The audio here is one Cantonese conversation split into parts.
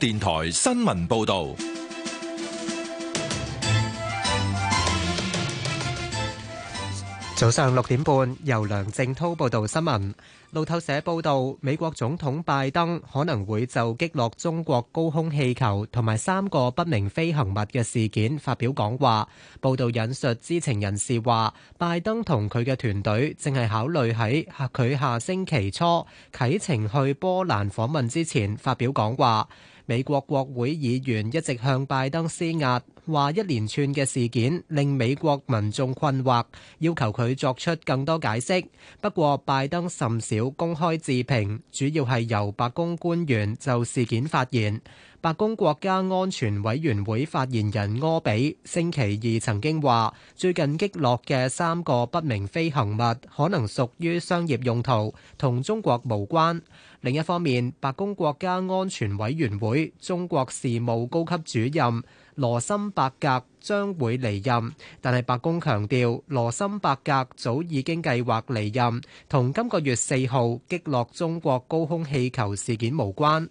電台新聞報道，早上六點半，由梁正濤報道新聞。路透社報道，美國總統拜登可能會就擊落中國高空氣球同埋三個不明飛行物嘅事件發表講話。報道引述知情人士話，拜登同佢嘅團隊正係考慮喺佢下星期初啟程去波蘭訪問之前發表講話。美國國會議員一直向拜登施壓，話一連串嘅事件令美國民眾困惑，要求佢作出更多解釋。不過，拜登甚少公開置評，主要係由白宮官員就事件發言。白宮國家安全委員會發言人柯比星期二曾經話，最近擊落嘅三個不明飛行物可能屬於商業用途，同中國無關。另一方面，白宮國家安全委員會中國事務高級主任羅森伯格將會離任，但係白宮強調，羅森伯格早已經計劃離任，同今個月四號擊落中國高空氣球事件無關。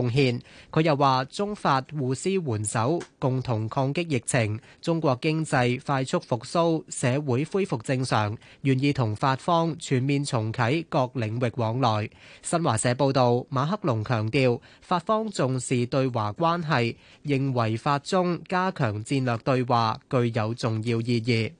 貢獻，佢又話：中法互施援手，共同抗擊疫情。中國經濟快速復甦，社會恢復正常，願意同法方全面重啟各領域往來。新華社報道，馬克龍強調，法方重視對華關係，認為法中加強戰略對話具有重要意義。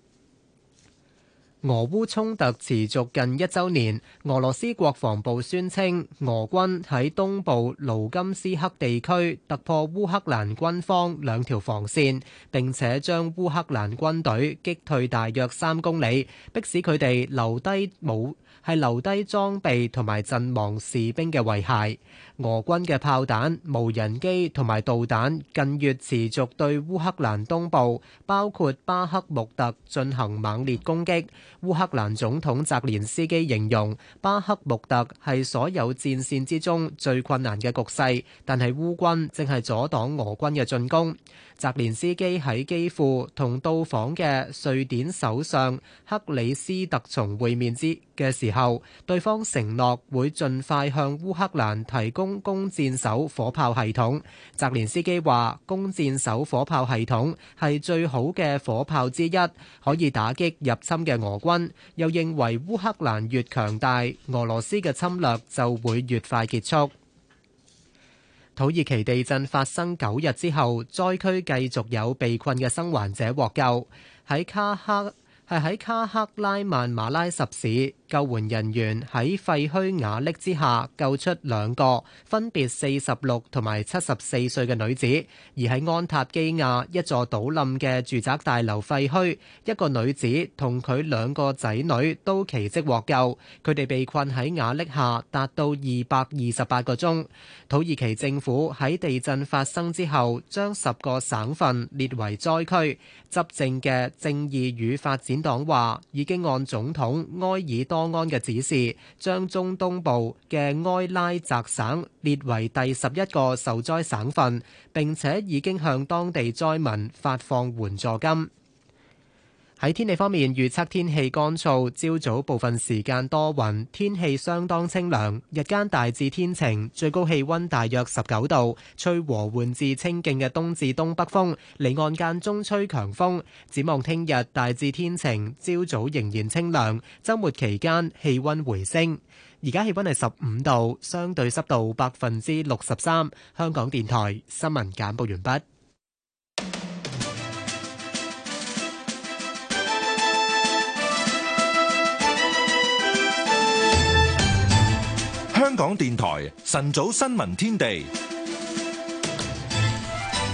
俄烏衝突持續近一週年，俄羅斯國防部宣稱，俄軍喺東部盧甘斯克地區突破烏克蘭軍方兩條防線，並且將烏克蘭軍隊擊退大約三公里，迫使佢哋留低武，係留低裝備同埋陣亡士兵嘅遺骸。俄軍嘅炮彈、無人機同埋導彈近月持續對烏克蘭東部，包括巴克穆特進行猛烈攻擊。烏克蘭總統澤連斯基形容巴克穆特係所有戰線之中最困難嘅局勢，但係烏軍正係阻擋俄軍嘅進攻。澤連斯基喺基輔同到訪嘅瑞典首相克里斯特松會面之嘅時候，對方承諾會盡快向烏克蘭提供。攻箭手火炮系統，澤連斯基話攻箭手火炮系統係最好嘅火炮之一，可以打擊入侵嘅俄軍。又認為烏克蘭越強大，俄羅斯嘅侵略就會越快結束。土耳其地震發生九日之後，災區繼續有被困嘅生還者獲救。喺卡哈。係喺卡克拉曼馬拉什市，救援人員喺廢墟瓦礫之下救出兩個分別四十六同埋七十四歲嘅女子；而喺安塔基亞一座倒冧嘅住宅大樓廢墟，一個女子同佢兩個仔女都奇蹟獲救。佢哋被困喺瓦礫下達到二百二十八個鐘。土耳其政府喺地震發生之後，將十個省份列為災區。執政嘅正義與發展。黨話已經按總統埃爾多安嘅指示，將中東部嘅埃拉澤省列為第十一個受災省份，並且已經向當地災民發放援助金。喺天氣方面，預測天氣乾燥，朝早部分時間多雲，天氣相當清涼，日間大致天晴，最高氣溫大約十九度，吹和緩至清勁嘅東至東北風，離岸間中吹強風。展望聽日大致天晴，朝早仍然清涼，周末期間氣溫回升。而家氣溫係十五度，相對濕度百分之六十三。香港電台新聞簡報完畢。香港電台晨早新聞天地，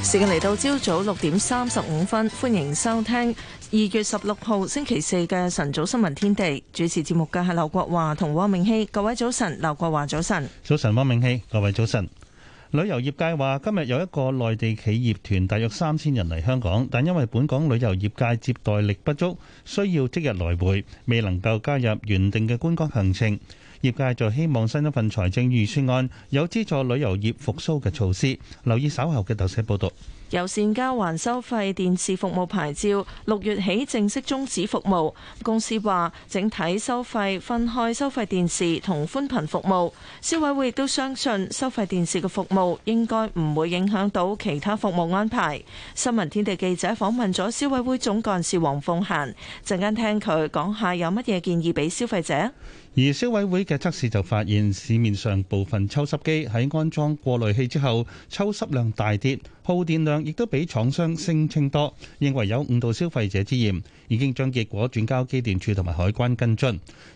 時間嚟到朝早六點三十五分，歡迎收聽二月十六號星期四嘅晨早新聞天地。主持節目嘅係劉國華同汪明希，各位早晨，劉國華早晨，早晨汪明希，各位早晨。旅遊業界話，今日有一個內地企業團，大約三千人嚟香港，但因為本港旅遊業界接待力不足，需要即日來回，未能夠加入原定嘅觀光行程。業界就希望新一份財政預算案有資助旅遊業復蘇嘅措施。留意稍後嘅特寫報道。有綫交還收費電視服務牌照，六月起正式終止服務，公司話整體收費分開收費電視同寬頻服務。消委會亦都相信收費電視嘅服務應該唔會影響到其他服務安排。新聞天地記者訪問咗消委會總幹事黃鳳嫻，陣間聽佢講下有乜嘢建議俾消費者。而消委會嘅測試就發現市面上部分抽濕機喺安裝過濾器之後抽濕量大跌，耗電量亦都比廠商聲稱多，認為有誤導消費者之嫌，已經將結果轉交機電處同埋海關跟進，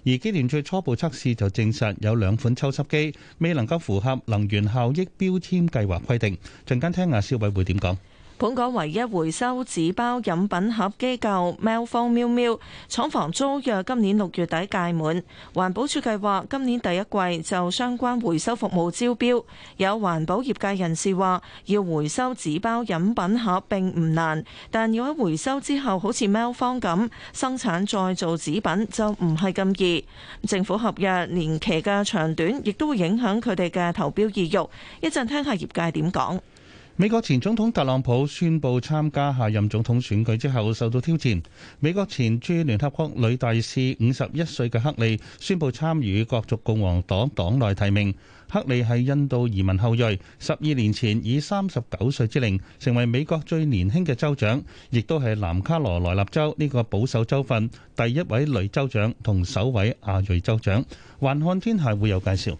而機電處初步測試就證實有兩款抽濕機未能夠符合能源效益標籤計劃規定。陣間聽下消委會點講。本港唯一回收紙包飲品盒機構 m，喵坊喵喵廠房租約今年六月底屆滿，環保署計劃今年第一季就相關回收服務招標，有環保業界人士話要回收紙包飲品盒並唔難，但要喺回收之後好似喵坊咁生產再做紙品就唔係咁易。政府合約年期嘅長短亦都會影響佢哋嘅投標意慾。一陣聽下業界點講。美國前總統特朗普宣布參加下任總統選舉之後受到挑戰。美國前駐聯合國女大使五十一歲嘅克里宣布參與各族共和黨黨內提名。克里係印度移民後裔，十二年前以三十九歲之齡成為美國最年輕嘅州長，亦都係南卡羅來納州呢個保守州份第一位女州長同首位亞裔州長。環看天下會有介紹。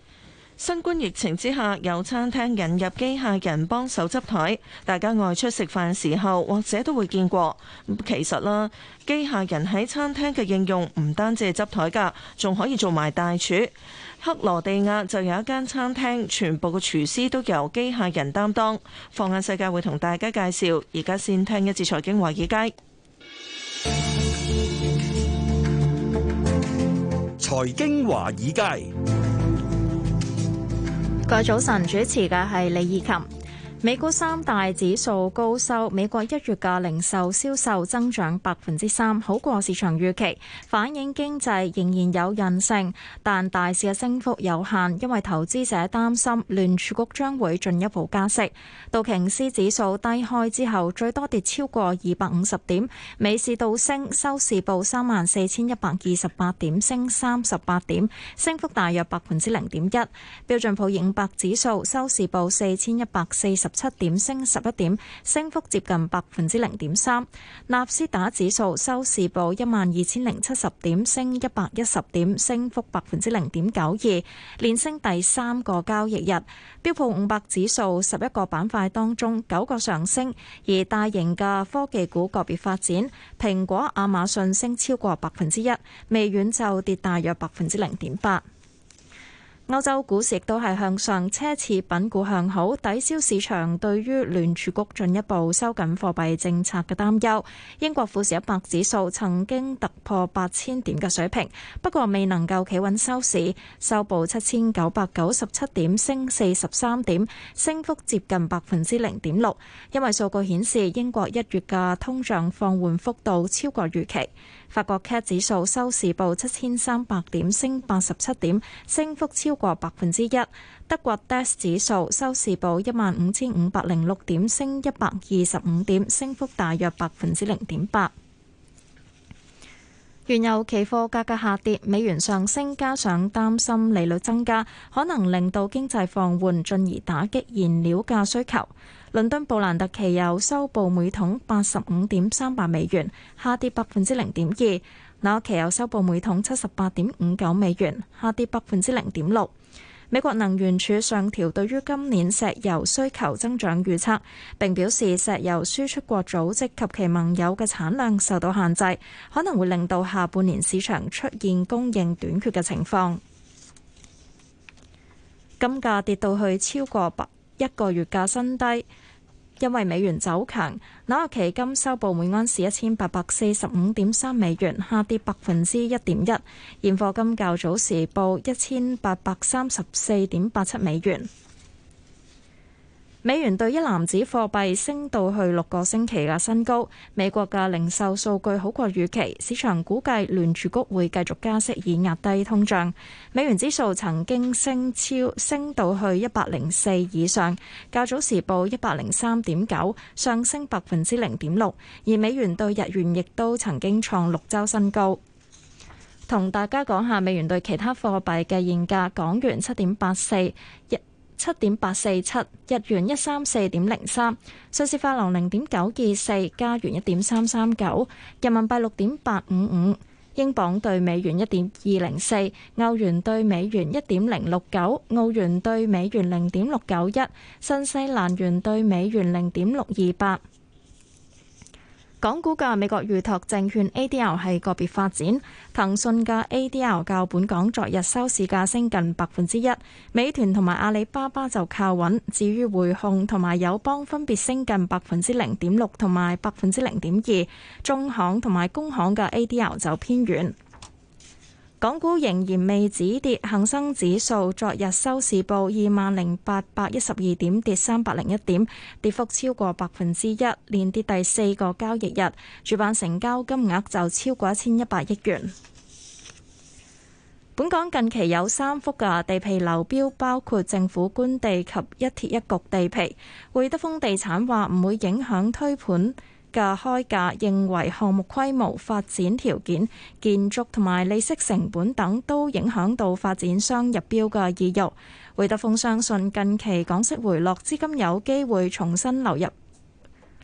新冠疫情之下，有餐廳引入機械人幫手執枱，大家外出食飯時候或者都會見過。咁其實啦，機械人喺餐廳嘅應用唔單止係執枱㗎，仲可以做埋大廚。克羅地亞就有一間餐廳，全部嘅廚師都由機械人擔當。放眼世界，會同大家介紹。而家先聽一次《財經華爾街》。財經華爾街。個早晨主持嘅係李以琴。美股三大指數高收，美國一月嘅零售銷售增長百分之三，好過市場預期，反映經濟仍然有韌性，但大市嘅升幅有限，因為投資者擔心聯儲局將會進一步加息。道瓊斯指數低開之後最多跌超過二百五十點，美市倒升，收市報三萬四千一百二十八點，升三十八點，升幅大約百分之零點一。標準普爾五百指數收市報四千一百四十。七點，升十一點，升幅接近百分之零點三。納斯達指數收市報一萬二千零七十點，升一百一十點，升幅百分之零點九二，連升第三個交易日。標普五百指數十一個板塊當中九個上升，而大型嘅科技股個別發展，蘋果、亞馬遜升超過百分之一，微軟就跌大約百分之零點八。歐洲股市亦都係向上，奢侈品股向好，抵消市場對於聯儲局進一步收緊貨幣政策嘅擔憂。英國富時一百指數曾經突破八千點嘅水平，不過未能夠企穩收市，收報七千九百九十七點，升四十三點，升幅接近百分之零點六。因為數據顯示，英國一月嘅通脹放緩幅度超過預期。法國 CAC 指數收市報七千三百點，升八十七點，升幅超過百分之一。德國 DAX 指數收市報一萬五千五百零六點，升一百二十五點，升幅大約百分之零點八。原油期貨價格，格下跌，美元上升，加上擔心利率增加可能令到經濟放緩，進而打擊燃料價需求。倫敦布蘭特期油收報每桶八十五點三八美元，下跌百分之零點二。紐約期油收報每桶七十八點五九美元，下跌百分之零點六。美國能源署上調對於今年石油需求增長預測，並表示石油輸出國組織及其盟友嘅產量受到限制，可能會令到下半年市場出現供應短缺嘅情況。金價跌到去超過一個月嘅新低。因為美元走強，紐約期金收報每盎司一千八百四十五點三美元，下跌百分之一點一。現貨金較早時報一千八百三十四點八七美元。美元兌一籃子貨幣升到去六個星期嘅新高。美國嘅零售數據好過預期，市場估計聯儲局會繼續加息以壓低通脹。美元指數曾經升超升到去一百零四以上，較早時報一百零三點九，上升百分之零點六。而美元對日元亦都曾經創六週新高。同大家講下美元對其他貨幣嘅現價，港元七點八四一。七點八四七，日元一三四點零三，瑞士法郎零點九二四，加元一點三三九，人民幣六點八五五，英鎊兌美元一點二零四，歐元兌美元一點零六九，澳元兌美元零點六九一，新西蘭元兌美元零點六二八。港股嘅美國預託證券 ADL 係個別發展，騰訊嘅 ADL 較本港昨日收市價升近百分之一，美團同埋阿里巴巴就靠穩，至於匯控同埋友邦分別升近百分之零點六同埋百分之零點二，中行同埋工行嘅 ADL 就偏軟。港股仍然未止跌，恒生指數昨日收市報二萬零八百一十二點，跌三百零一點，跌幅超過百分之一，連跌第四個交易日。主板成交金額就超過一千一百億元。本港近期有三幅嘅地皮流標，包括政府官地及一鐵一局地皮。會德豐地產話唔會影響推盤。嘅開價認為，項目規模、發展條件、建築同埋利息成本等都影響到發展商入標嘅意欲。會德豐相信，近期港息回落，資金有機會重新流入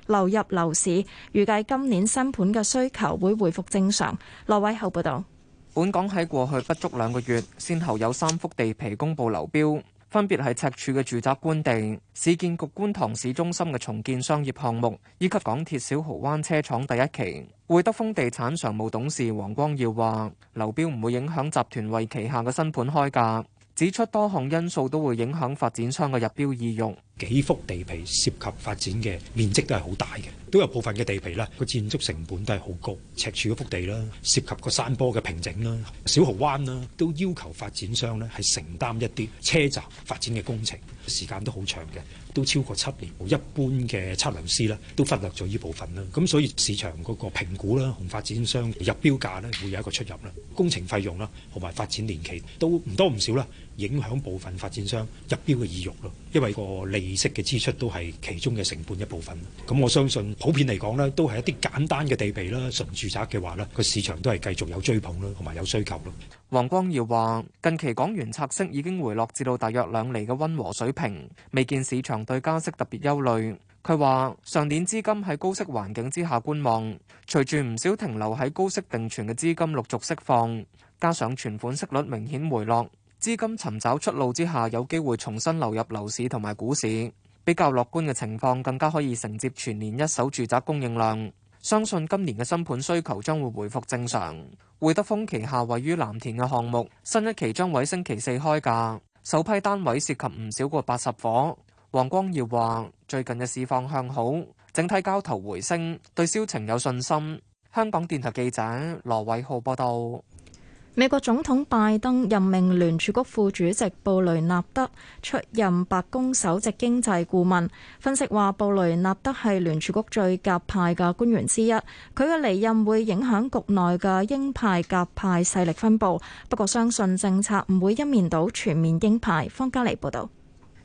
流入樓市，預計今年新盤嘅需求會回復正常。羅偉後報道：本港喺過去不足兩個月，先後有三幅地皮公布流標。分別係赤柱嘅住宅官地、市建局觀塘市中心嘅重建商業項目，以及港鐵小蠔灣車廠第一期。會德豐地產常務董事黃光耀話：流標唔會影響集團為旗下嘅新盤開價，指出多項因素都會影響發展商嘅入標意願。幾幅地皮涉及發展嘅面積都係好大嘅，都有部分嘅地皮咧個建築成本都係好高，赤柱嗰幅地啦，涉及個山坡嘅平整啦、小蠔灣啦，都要求發展商咧係承擔一啲車站發展嘅工程，時間都好長嘅，都超過七年。一般嘅測量師啦，都忽略咗呢部分啦。咁所以市場嗰個評估啦，同發展商入標價咧會有一個出入啦。工程費用啦，同埋發展年期都唔多唔少啦。影響部分發展商入標嘅意欲咯，因為個利息嘅支出都係其中嘅成本一部分。咁我相信普遍嚟講咧，都係一啲簡單嘅地皮啦，純住宅嘅話咧，個市場都係繼續有追捧咯，同埋有需求咯。黃光耀話：近期港元拆息已經回落至到大約兩厘嘅溫和水平，未見市場對加息特別憂慮。佢話上年資金喺高息環境之下觀望，隨住唔少停留喺高息定存嘅資金陸續釋放，加上存款息率明顯回落。資金尋找出路之下，有機會重新流入樓市同埋股市，比較樂觀嘅情況更加可以承接全年一手住宅供應量。相信今年嘅新盤需求將會回復正常。會德豐旗下位於藍田嘅項目新一期將喺星期四開價，首批單位涉及唔少過八十伙。黃光耀話：最近嘅市況向好，整體交投回升，對銷情有信心。香港電台記者羅偉浩報道。美國總統拜登任命聯儲局副主席布雷納德出任白宮首席經濟顧問。分析話，布雷納德係聯儲局最鴿派嘅官員之一，佢嘅離任會影響局內嘅鷹派鴿派勢力分布。不過，相信政策唔會一面倒，全面鷹派。方嘉莉報道。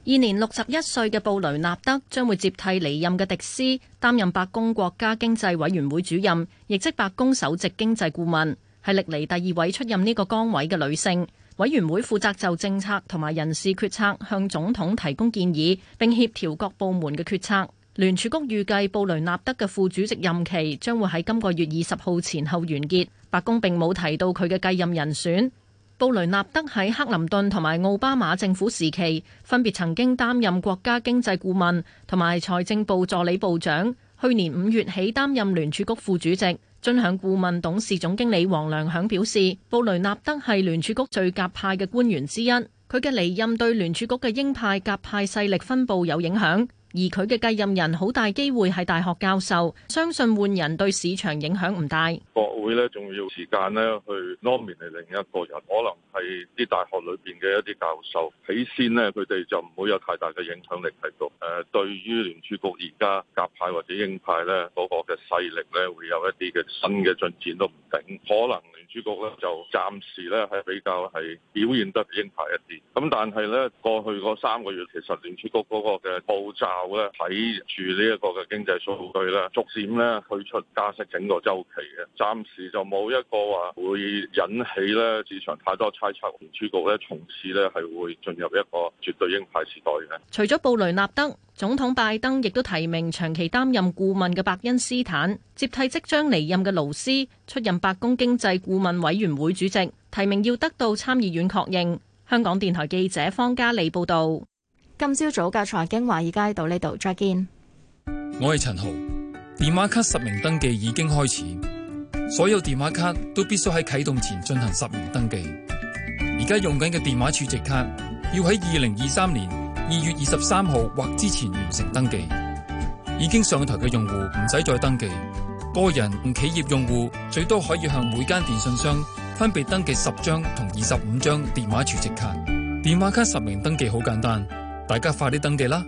現年六十一歲嘅布雷納德將會接替離任嘅迪斯，擔任白宮國家經濟委員會主任，亦即白宮首席經濟顧問。係歷來第二位出任呢個崗位嘅女性。委員會負責就政策同埋人事決策向總統提供建議，並協調各部門嘅決策。聯儲局預計布雷納德嘅副主席任期將會喺今個月二十號前後完結。白宮並冇提到佢嘅繼任人選。布雷納德喺克林頓同埋奧巴馬政府時期分別曾經擔任國家經濟顧問同埋財政部助理部長。去年五月起擔任聯儲局副主席。尊享顧問董事總經理黃良響表示，布雷納德係聯儲局最鴿派嘅官員之一，佢嘅離任對聯儲局嘅鷹派鴿派勢力分布有影響。而佢嘅繼任人好大機會係大學教授，相信換人對市場影響唔大。國會咧仲要時間咧去 nominate 另一個人，可能係啲大學裏邊嘅一啲教授。起先咧佢哋就唔會有太大嘅影響力喺度。誒，對於聯儲局而家鴿派或者鷹派咧嗰個嘅勢力咧，會有一啲嘅新嘅進展都唔定，可能。局咧就暫時咧係比較係表現得鷹派一啲，咁但係咧過去嗰三個月其實聯儲局嗰個嘅步驟咧睇住呢一個嘅經濟數據咧，逐漸咧退出加息整個周期嘅，暫時就冇一個話會引起咧市場太多猜測。聯儲局咧從此咧係會進入一個絕對鷹派時代嘅。除咗布雷納德。總統拜登亦都提名長期擔任顧問嘅伯恩斯坦接替即將離任嘅勞斯出任白宮經濟顧問委員會主席，提名要得到參議院確認。香港電台記者方嘉莉報道。今朝早嘅財經華爾街到呢度再見。我係陳豪，電話卡實名登記已經開始，所有電話卡都必須喺啟動前進行實名登記。而家用緊嘅電話儲值卡要喺二零二三年。二月二十三號或之前完成登記，已經上台嘅用戶唔使再登記。個人同企業用戶最多可以向每間電信商分別登記十張同二十五張電話儲值卡。電話卡實名登記好簡單，大家快啲登記啦！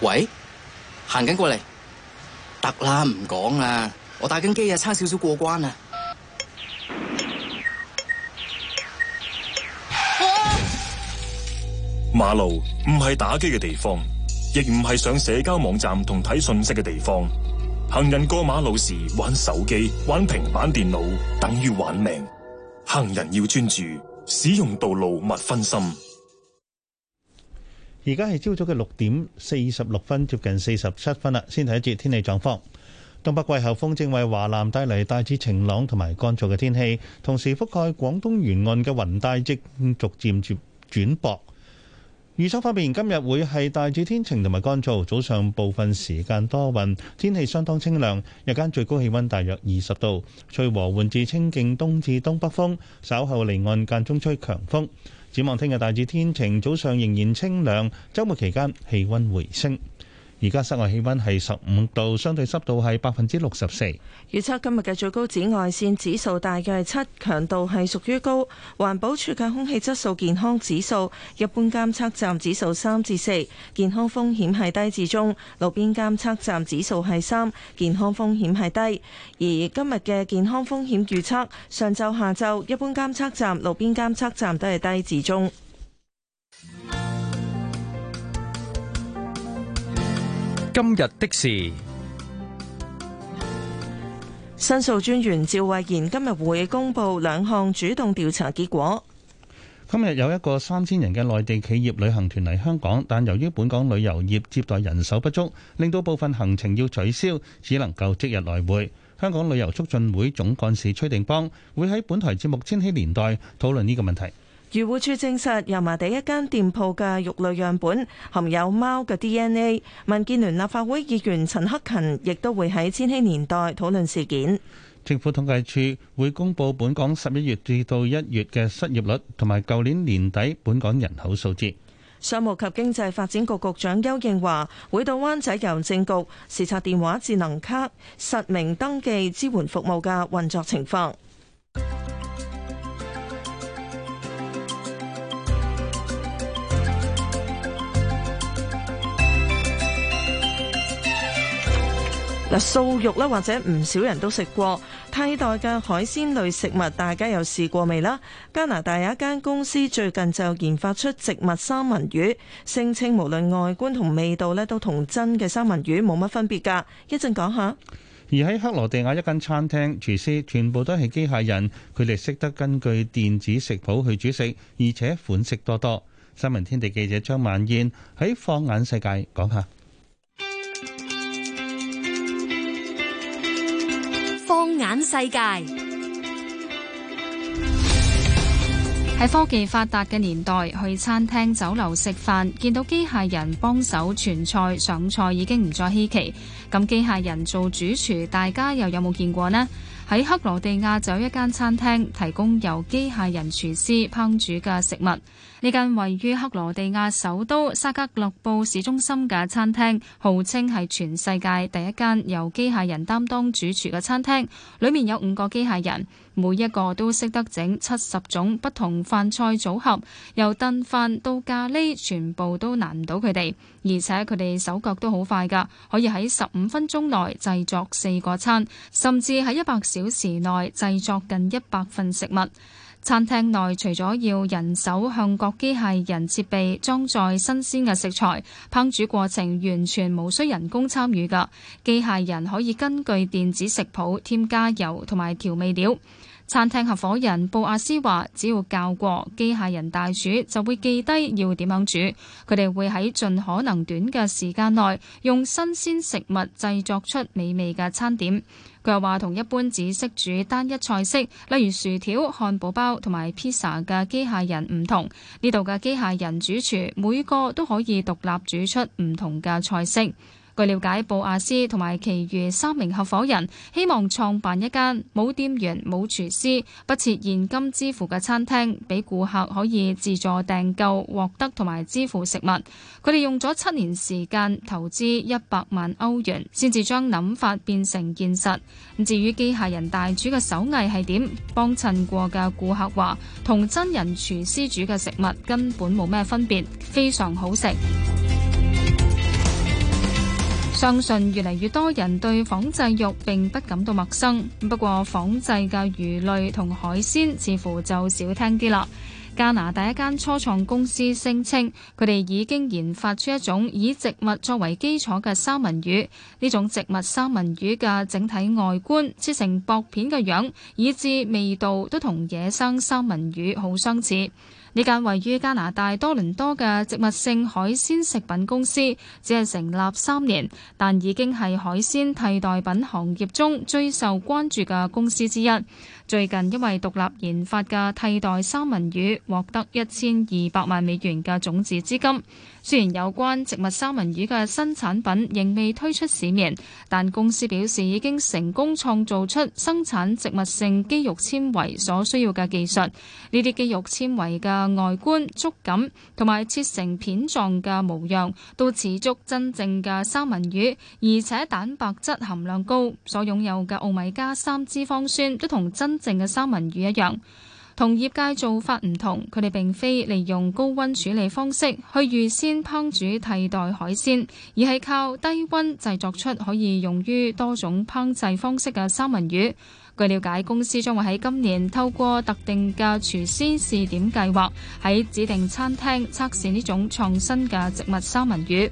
喂，行緊過嚟，得啦，唔講啦，我帶緊機啊，差少少過關啊！馬路唔係打機嘅地方，亦唔係上社交網站同睇信息嘅地方。行人過馬路時玩手機、玩平板電腦，等於玩命。行人要專注，使用道路勿分心。而家係朝早嘅六點四十六分，接近四十七分啦。先睇一節天氣狀況。東北季候風正為華南帶嚟大致晴朗同埋乾燥嘅天氣，同時覆蓋廣東沿岸嘅雲帶，亦逐漸轉轉薄。預測方面，今日會係大致天晴同埋乾燥，早上部分時間多雲，天氣相當清涼，日間最高氣温大約二十度，吹和緩至清勁東至東北風，稍後離岸間中吹強風。展望聽日大致天晴，早上仍然清涼，周末期間氣温回升。而家室外氣溫係十五度，相對濕度係百分之六十四。預測今日嘅最高紫外線指數大概係七，強度係屬於高。環保署嘅空氣質素健康指數，一般監測站指數三至四，健康風險係低至中；路邊監測站指數係三，健康風險係低。而今日嘅健康風險預測，上晝、下晝一般監測站、路邊監測站都係低至中。今日的事，申訴專員趙慧賢今日會公布兩項主動調查結果。今日有一個三千人嘅內地企業旅行團嚟香港，但由於本港旅遊業接待人手不足，令到部分行程要取消，只能夠即日來回。香港旅遊促進會總幹事崔定邦會喺本台節目《千禧年代》討論呢個問題。漁護署證實油麻地一間店鋪嘅肉類樣本含有貓嘅 D N A。民建聯立法會議員陳克勤亦都會喺千禧年代討論事件。政府統計處會公布本港十一月至到一月嘅失業率，同埋舊年年底本港人口數字。商務及經濟發展局局長邱應華會到灣仔郵政局視察電話智能卡，實名登記支援服務嘅運作情況。素肉啦，或者唔少人都食過。替代嘅海鮮類食物，大家有試過未啦？加拿大有一間公司最近就研發出植物三文魚，聲稱無論外觀同味道咧，都同真嘅三文魚冇乜分別㗎。講一陣講下。而喺克羅地亞一間餐廳，廚師全部都係機械人，佢哋識得根據電子食譜去煮食，而且款式多多。新聞天地記者張曼燕喺放眼世界講下。放眼世界，喺科技發達嘅年代，去餐廳酒樓食飯，見到機械人幫手傳菜上菜已經唔再稀奇。咁機械人做主廚，大家又有冇見過呢？喺克羅地亞就有一間餐廳，提供由機械人廚師烹煮嘅食物。呢間位於克羅地亞首都薩格勒布市中心嘅餐廳，號稱係全世界第一間由機械人擔當主廚嘅餐廳。裡面有五個機械人，每一個都識得整七十種不同飯菜組合，由燉飯到咖喱，全部都難唔到佢哋。而且佢哋手腳都好快㗎，可以喺十五分鐘內製作四個餐，甚至喺一百小時內製作近一百份食物。餐廳內除咗要人手向各機械人設備裝載新鮮嘅食材，烹煮過程完全無需人工參與㗎。機械人可以根據電子食譜添加油同埋調味料。餐廳合夥人布亞斯話：只要教過機械人大廚，就會記低要點樣煮。佢哋會喺盡可能短嘅時間內，用新鮮食物製作出美味嘅餐點。佢又話：同一般只識煮單一菜式，例如薯條、漢堡包同埋披薩嘅機械人唔同，呢度嘅機械人主廚每個都可以獨立煮出唔同嘅菜式。據了解，布亞斯同埋其餘三名合夥人希望創辦一間冇店員、冇廚師、不設現金支付嘅餐廳，俾顧客可以自助訂購、獲得同埋支付食物。佢哋用咗七年時間投資一百萬歐元，先至將諗法變成現實。至於機械人大廚嘅手藝係點？幫襯過嘅顧客話，同真人廚師煮嘅食物根本冇咩分別，非常好食。相信越嚟越多人對仿製肉並不感到陌生，不過仿製嘅魚類同海鮮似乎就少聽啲啦。加拿大一間初創公司聲稱，佢哋已經研發出一種以植物作為基礎嘅三文魚。呢種植物三文魚嘅整體外觀、切成薄片嘅樣，以至味道都同野生三文魚好相似。呢間位於加拿大多倫多嘅植物性海鮮食品公司，只係成立三年，但已經係海鮮替代品行業中最受關注嘅公司之一。最近，因為獨立研發嘅替代三文魚獲得一千二百萬美元嘅種子資金。雖然有關植物三文魚嘅新產品仍未推出市面，但公司表示已經成功創造出生產植物性肌肉纖維所需要嘅技術。呢啲肌肉纖維嘅外觀、觸感同埋切成片狀嘅模樣都似足真正嘅三文魚，而且蛋白質含量高，所擁有嘅奧米加三脂肪酸都同真正嘅三文魚一樣。同業界做法唔同，佢哋並非利用高温處理方式去預先烹煮替代海鮮，而係靠低温製作出可以用於多種烹製方式嘅三文魚。據了解，公司將會喺今年透過特定嘅廚師試點計劃，喺指定餐廳測試呢種創新嘅植物三文魚。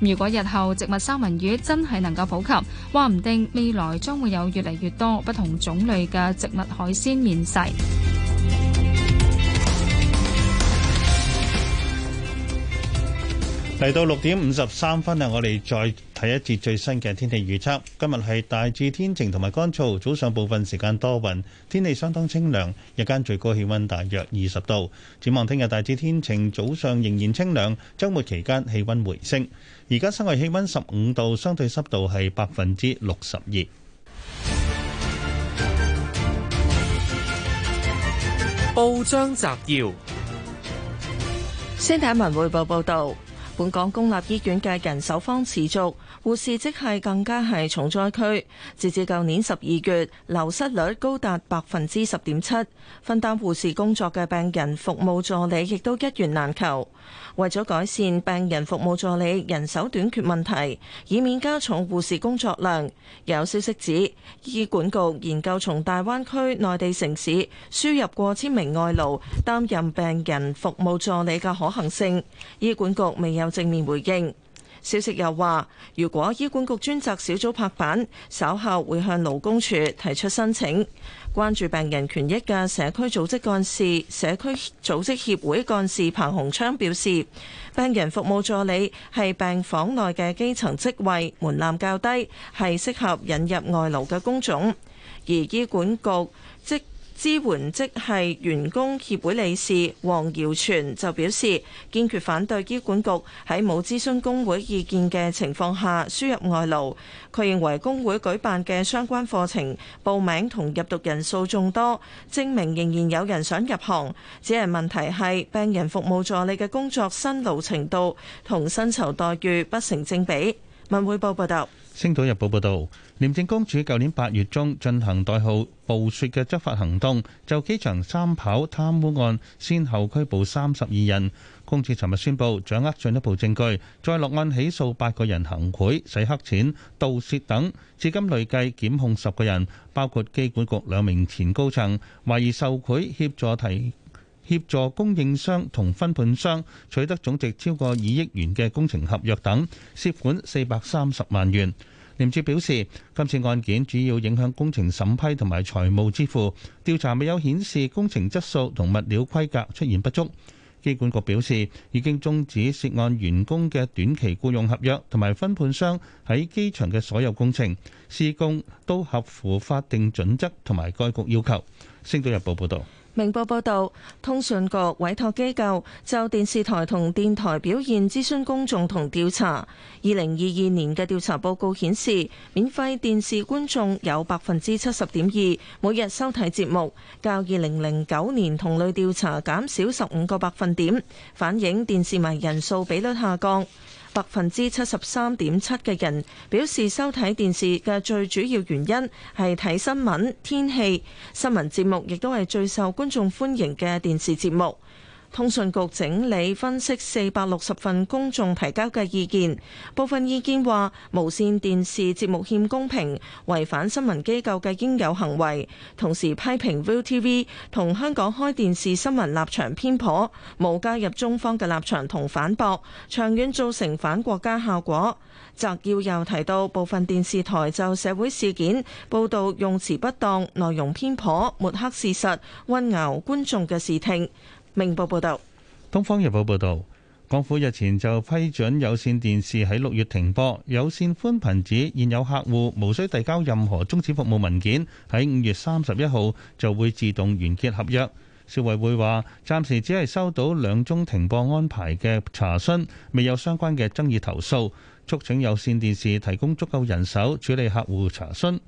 如果日後植物三文魚真係能夠普及，話唔定未來將會有越嚟越多不同種類嘅植物海鮮面世。嚟到六點五十三分啦，我哋再睇一節最新嘅天氣預測。今日係大致天晴同埋乾燥，早上部分時間多雲，天氣相當清涼。日間最高氣溫大約二十度。展望聽日大致天晴，早上仍然清涼。周末期間氣溫回升。而家室外氣溫十五度，相對濕度係百分之六十二。報章摘要，先睇文匯報報道。本港公立醫院嘅人手荒持續。護士即係更加係重災區，截至舊年十二月，流失率高達百分之十點七。分擔護士工作嘅病人服務助理亦都一員難求。為咗改善病人服務助理人手短缺問題，以免加重護士工作量，有消息指醫管局研究從大灣區內地城市輸入過千名外勞擔任病人服務助理嘅可行性。醫管局未有正面回應。消息又話，如果醫管局專責小組拍板，稍後會向勞工處提出申請。關注病人權益嘅社區組織幹事、社區組織協會幹事彭洪昌表示，病人服務助理係病房內嘅基層職位，門檻較低，係適合引入外勞嘅工種。而醫管局即支援即係員工協會理事黃耀全就表示，堅決反對醫管局喺冇諮詢工會意見嘅情況下輸入外勞，佢認為工會舉辦嘅相關課程報名同入讀人數眾多，證明仍然有人想入行。只係問題係病人服務助理嘅工作辛勞程度同薪酬待遇不成正比。文匯報報道。《星島日報》報導，廉政公署舊年八月中進行代號「暴雪」嘅執法行動，就機場三跑貪污案，先後拘捕三十二人。公署尋日宣布，掌握進一步證據，再落案起訴八個人行賄、洗黑錢、盜竊等，至今累計檢控十個人，包括機管局兩名前高層，懷疑受賄協助提協助供應商同分判商取得總值超過二億元嘅工程合約等，涉款四百三十萬元。廉署表示，今次案件主要影響工程審批同埋財務支付，調查未有顯示工程質素同物料規格出現不足。機管局表示，已經終止涉案員工嘅短期僱用合約同埋分判商喺機場嘅所有工程施工都合乎法定準則同埋該局要求。星島日報報道。明報報道，通訊局委託機構就電視台同電台表現諮詢公眾同調查。二零二二年嘅調查報告顯示，免費電視觀眾有百分之七十點二每日收睇節目，較二零零九年同類調查減少十五個百分點，反映電視迷人數比率下降。百分之七十三點七嘅人表示收睇電視嘅最主要原因係睇新聞天氣，新聞節目亦都係最受觀眾歡迎嘅電視節目。通信局整理分析四百六十份公眾提交嘅意見，部分意見話無綫電視節目欠公平，違反新聞機構嘅應有行為，同時批評 ViuTV 同香港開電視新聞立場偏頗，冇加入中方嘅立場同反駁，長遠造成反國家效果。摘要又提到部分電視台就社會事件報道用詞不當，內容偏頗，抹黑事實，混淆觀眾嘅視聽。明報報道：《東方日報》報道，港府日前就批准有線電視喺六月停播。有線寬頻指現有客戶無需遞交任何終止服務文件，喺五月三十一號就會自動完結合約。消委會話，暫時只係收到兩宗停播安排嘅查詢，未有相關嘅爭議投訴，促請有線電視提供足夠人手處理客戶查詢。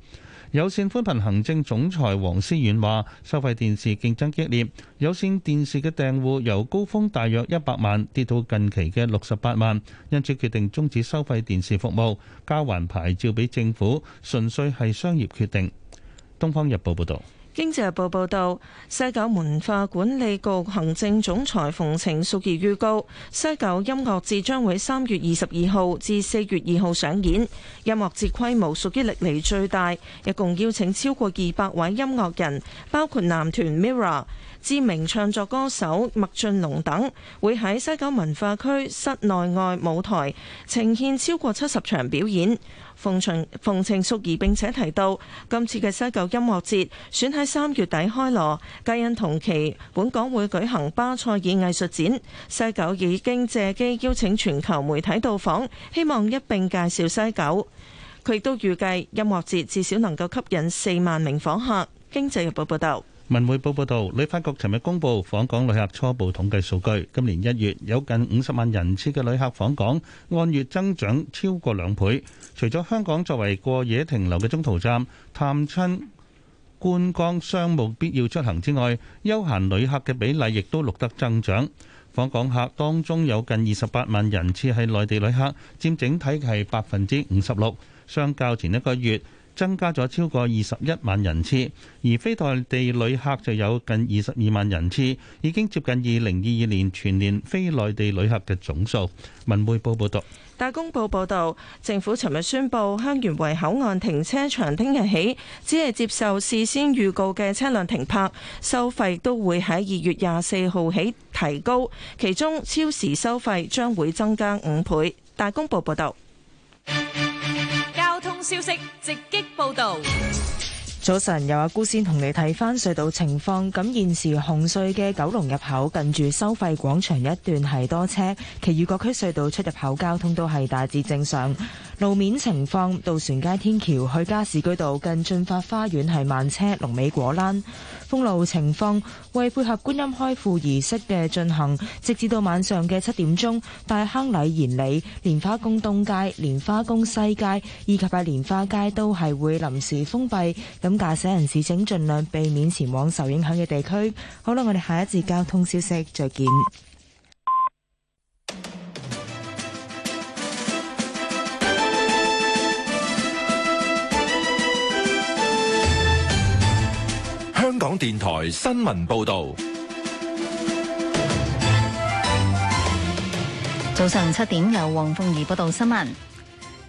有線寬頻行政總裁黃思遠話：收費電視競爭激烈，有線電視嘅訂戶由高峰大約一百萬跌到近期嘅六十八萬，因此決定終止收費電視服務，交還牌照俾政府，純粹係商業決定。《東方日報》報導。《經濟日報，報道》報導，西九文化管理局行政總裁馮程淑儀預告，西九音樂節將會喺三月二十二號至四月二號上演。音樂節規模屬於歷嚟最大，一共邀請超過二百位音樂人，包括男團 Mirror。知名唱作歌手麥浚龍等會喺西九文化區室內外舞台呈現超過七十場表演。馮程馮程淑儀並且提到，今次嘅西九音樂節選喺三月底開鑼，皆因同期本港會舉行巴塞爾藝術展。西九已經借機邀請全球媒體到訪，希望一並介紹西九。佢亦都預計音樂節至少能夠吸引四萬名訪客。經濟日報報道。文匯報報道，旅發局尋日公布訪港旅客初步統計數據，今年一月有近五十萬人次嘅旅客訪港，按月增長超過兩倍。除咗香港作為過夜停留嘅中途站、探親、觀光、商務必要出行之外，休閒旅客嘅比例亦都錄得增長。訪港客當中有近二十八萬人次係內地旅客，佔整體係百分之五十六，相較前一個月，增加咗超過二十一萬人次，而非內地旅客就有近二十二萬人次，已經接近二零二二年全年非內地旅客嘅總數。文匯報報道。大公報報道，政府尋日宣布，香園圍口岸停車場聽日起只係接受事先預告嘅車輛停泊，收費都會喺二月廿四號起提高，其中超時收費將會增加五倍。大公報報道。消息直擊報道。早晨，有阿姑先同你睇翻隧道情況。咁現時紅隧嘅九龍入口近住收費廣場一段係多車，其餘各區隧道出入口交通都係大致正常。路面情況，渡船街天橋去加士居道近駿發花園係慢車，龍尾果欄。封路情況，為配合觀音開庫儀式嘅進行，直至到晚上嘅七點鐘，大坑禮賢里、蓮花宮東街、蓮花宮西街以及喺蓮花街都係會臨時封閉。咁駕駛人士請盡量避免前往受影響嘅地區。好啦，我哋下一節交通消息，再見。香港電台新聞報道。早晨七點，由黃鳳儀報道新聞。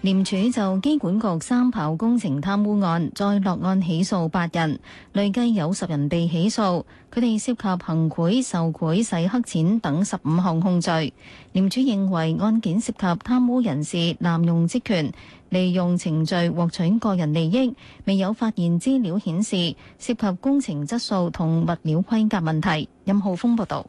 廉署就機管局三跑工程貪污案再落案起訴八人，累計有十人被起訴，佢哋涉及行賄、受賄、洗黑錢等十五項控罪。廉署認為案件涉及貪污人士濫用職權，利用程序獲取個人利益，未有發現資料顯示涉及工程質素同物料規格問題。任浩峰報道。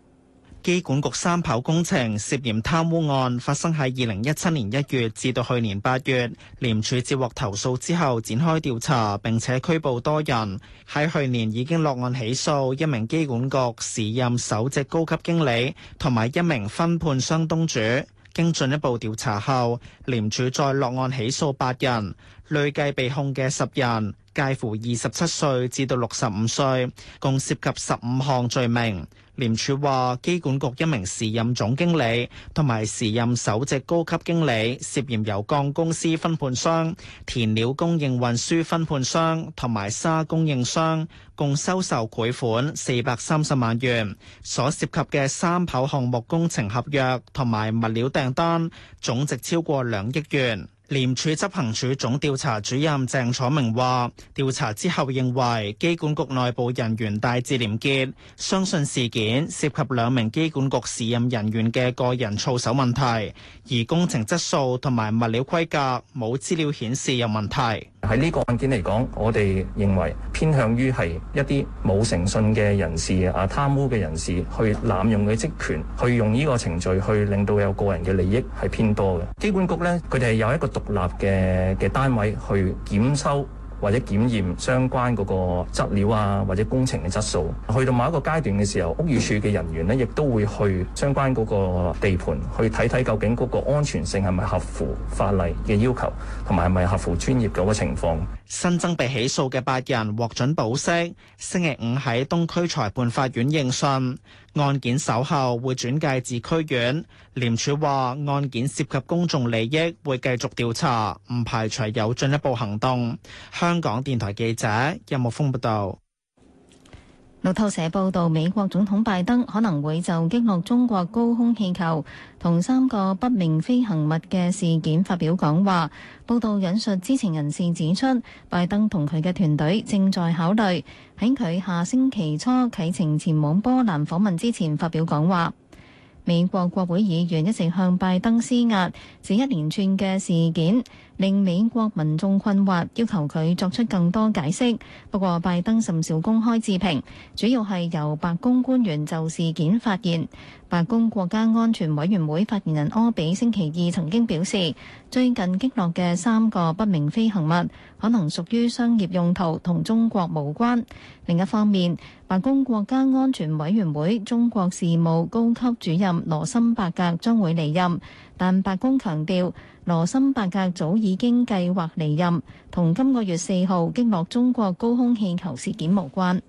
機管局三跑工程涉嫌貪污案發生喺二零一七年一月至到去年八月，廉署接獲投訴之後展開調查，並且拘捕多人。喺去年已經落案起訴一名機管局時任首席高級經理同埋一名分判商東主。經進一步調查後，廉署再落案起訴八人，累計被控嘅十人，介乎二十七歲至到六十五歲，共涉及十五項罪名。廉署話機管局一名時任總經理同埋時任首席高級經理涉嫌油鋼公司分判商、填料供應運輸分判商同埋沙供應商共收受賄款四百三十萬元，所涉及嘅三跑項目工程合約同埋物料訂單總值超過兩億元。廉署執行處總調查主任鄭楚明話，調查之後認為，機管局內部人員大致廉潔，相信事件涉及兩名機管局時任人員嘅個人操守問題，而工程質素同埋物料規格冇資料顯示有問題。喺呢個案件嚟講，我哋認為偏向於係一啲冇誠信嘅人士啊，貪污嘅人士去濫用佢職權，去用呢個程序去令到有個人嘅利益係偏多嘅。機管局咧，佢哋係有一個獨立嘅嘅單位去檢收或者檢驗相關嗰個質料啊，或者工程嘅質素，去到某一個階段嘅時候，屋宇署嘅人員咧，亦都會去相關嗰個地盤去睇睇究竟嗰個安全性係咪合乎法例嘅要求，同埋係咪合乎專業嗰個情況。新增被起訴嘅八人獲准保釋，星期五喺東區裁判法院應訊，案件稍後會轉介至區院。廉署話案件涉及公眾利益，會繼續調查，唔排除有進一步行動，香港電台記者任木風報道。路透社報道，美國總統拜登可能會就擊落中國高空氣球同三個不明飛行物嘅事件發表講話。報道引述知情人士指出，拜登同佢嘅團隊正在考慮喺佢下星期初啟程前往波蘭訪問之前發表講話。美國國會議員一直向拜登施壓，指一連串嘅事件。令美國民眾困惑，要求佢作出更多解釋。不過拜登甚少公開置評，主要係由白宮官員就事件發言。白宮國家安全委員會發言人柯比星期二曾經表示，最近擊落嘅三個不明飛行物可能屬於商業用途，同中國無關。另一方面，白宮國家安全委員會中國事務高級主任羅森伯格將會離任。但白宮強調，羅森伯格早已經計劃離任，同今個月四號擊落中國高空氣球事件無關。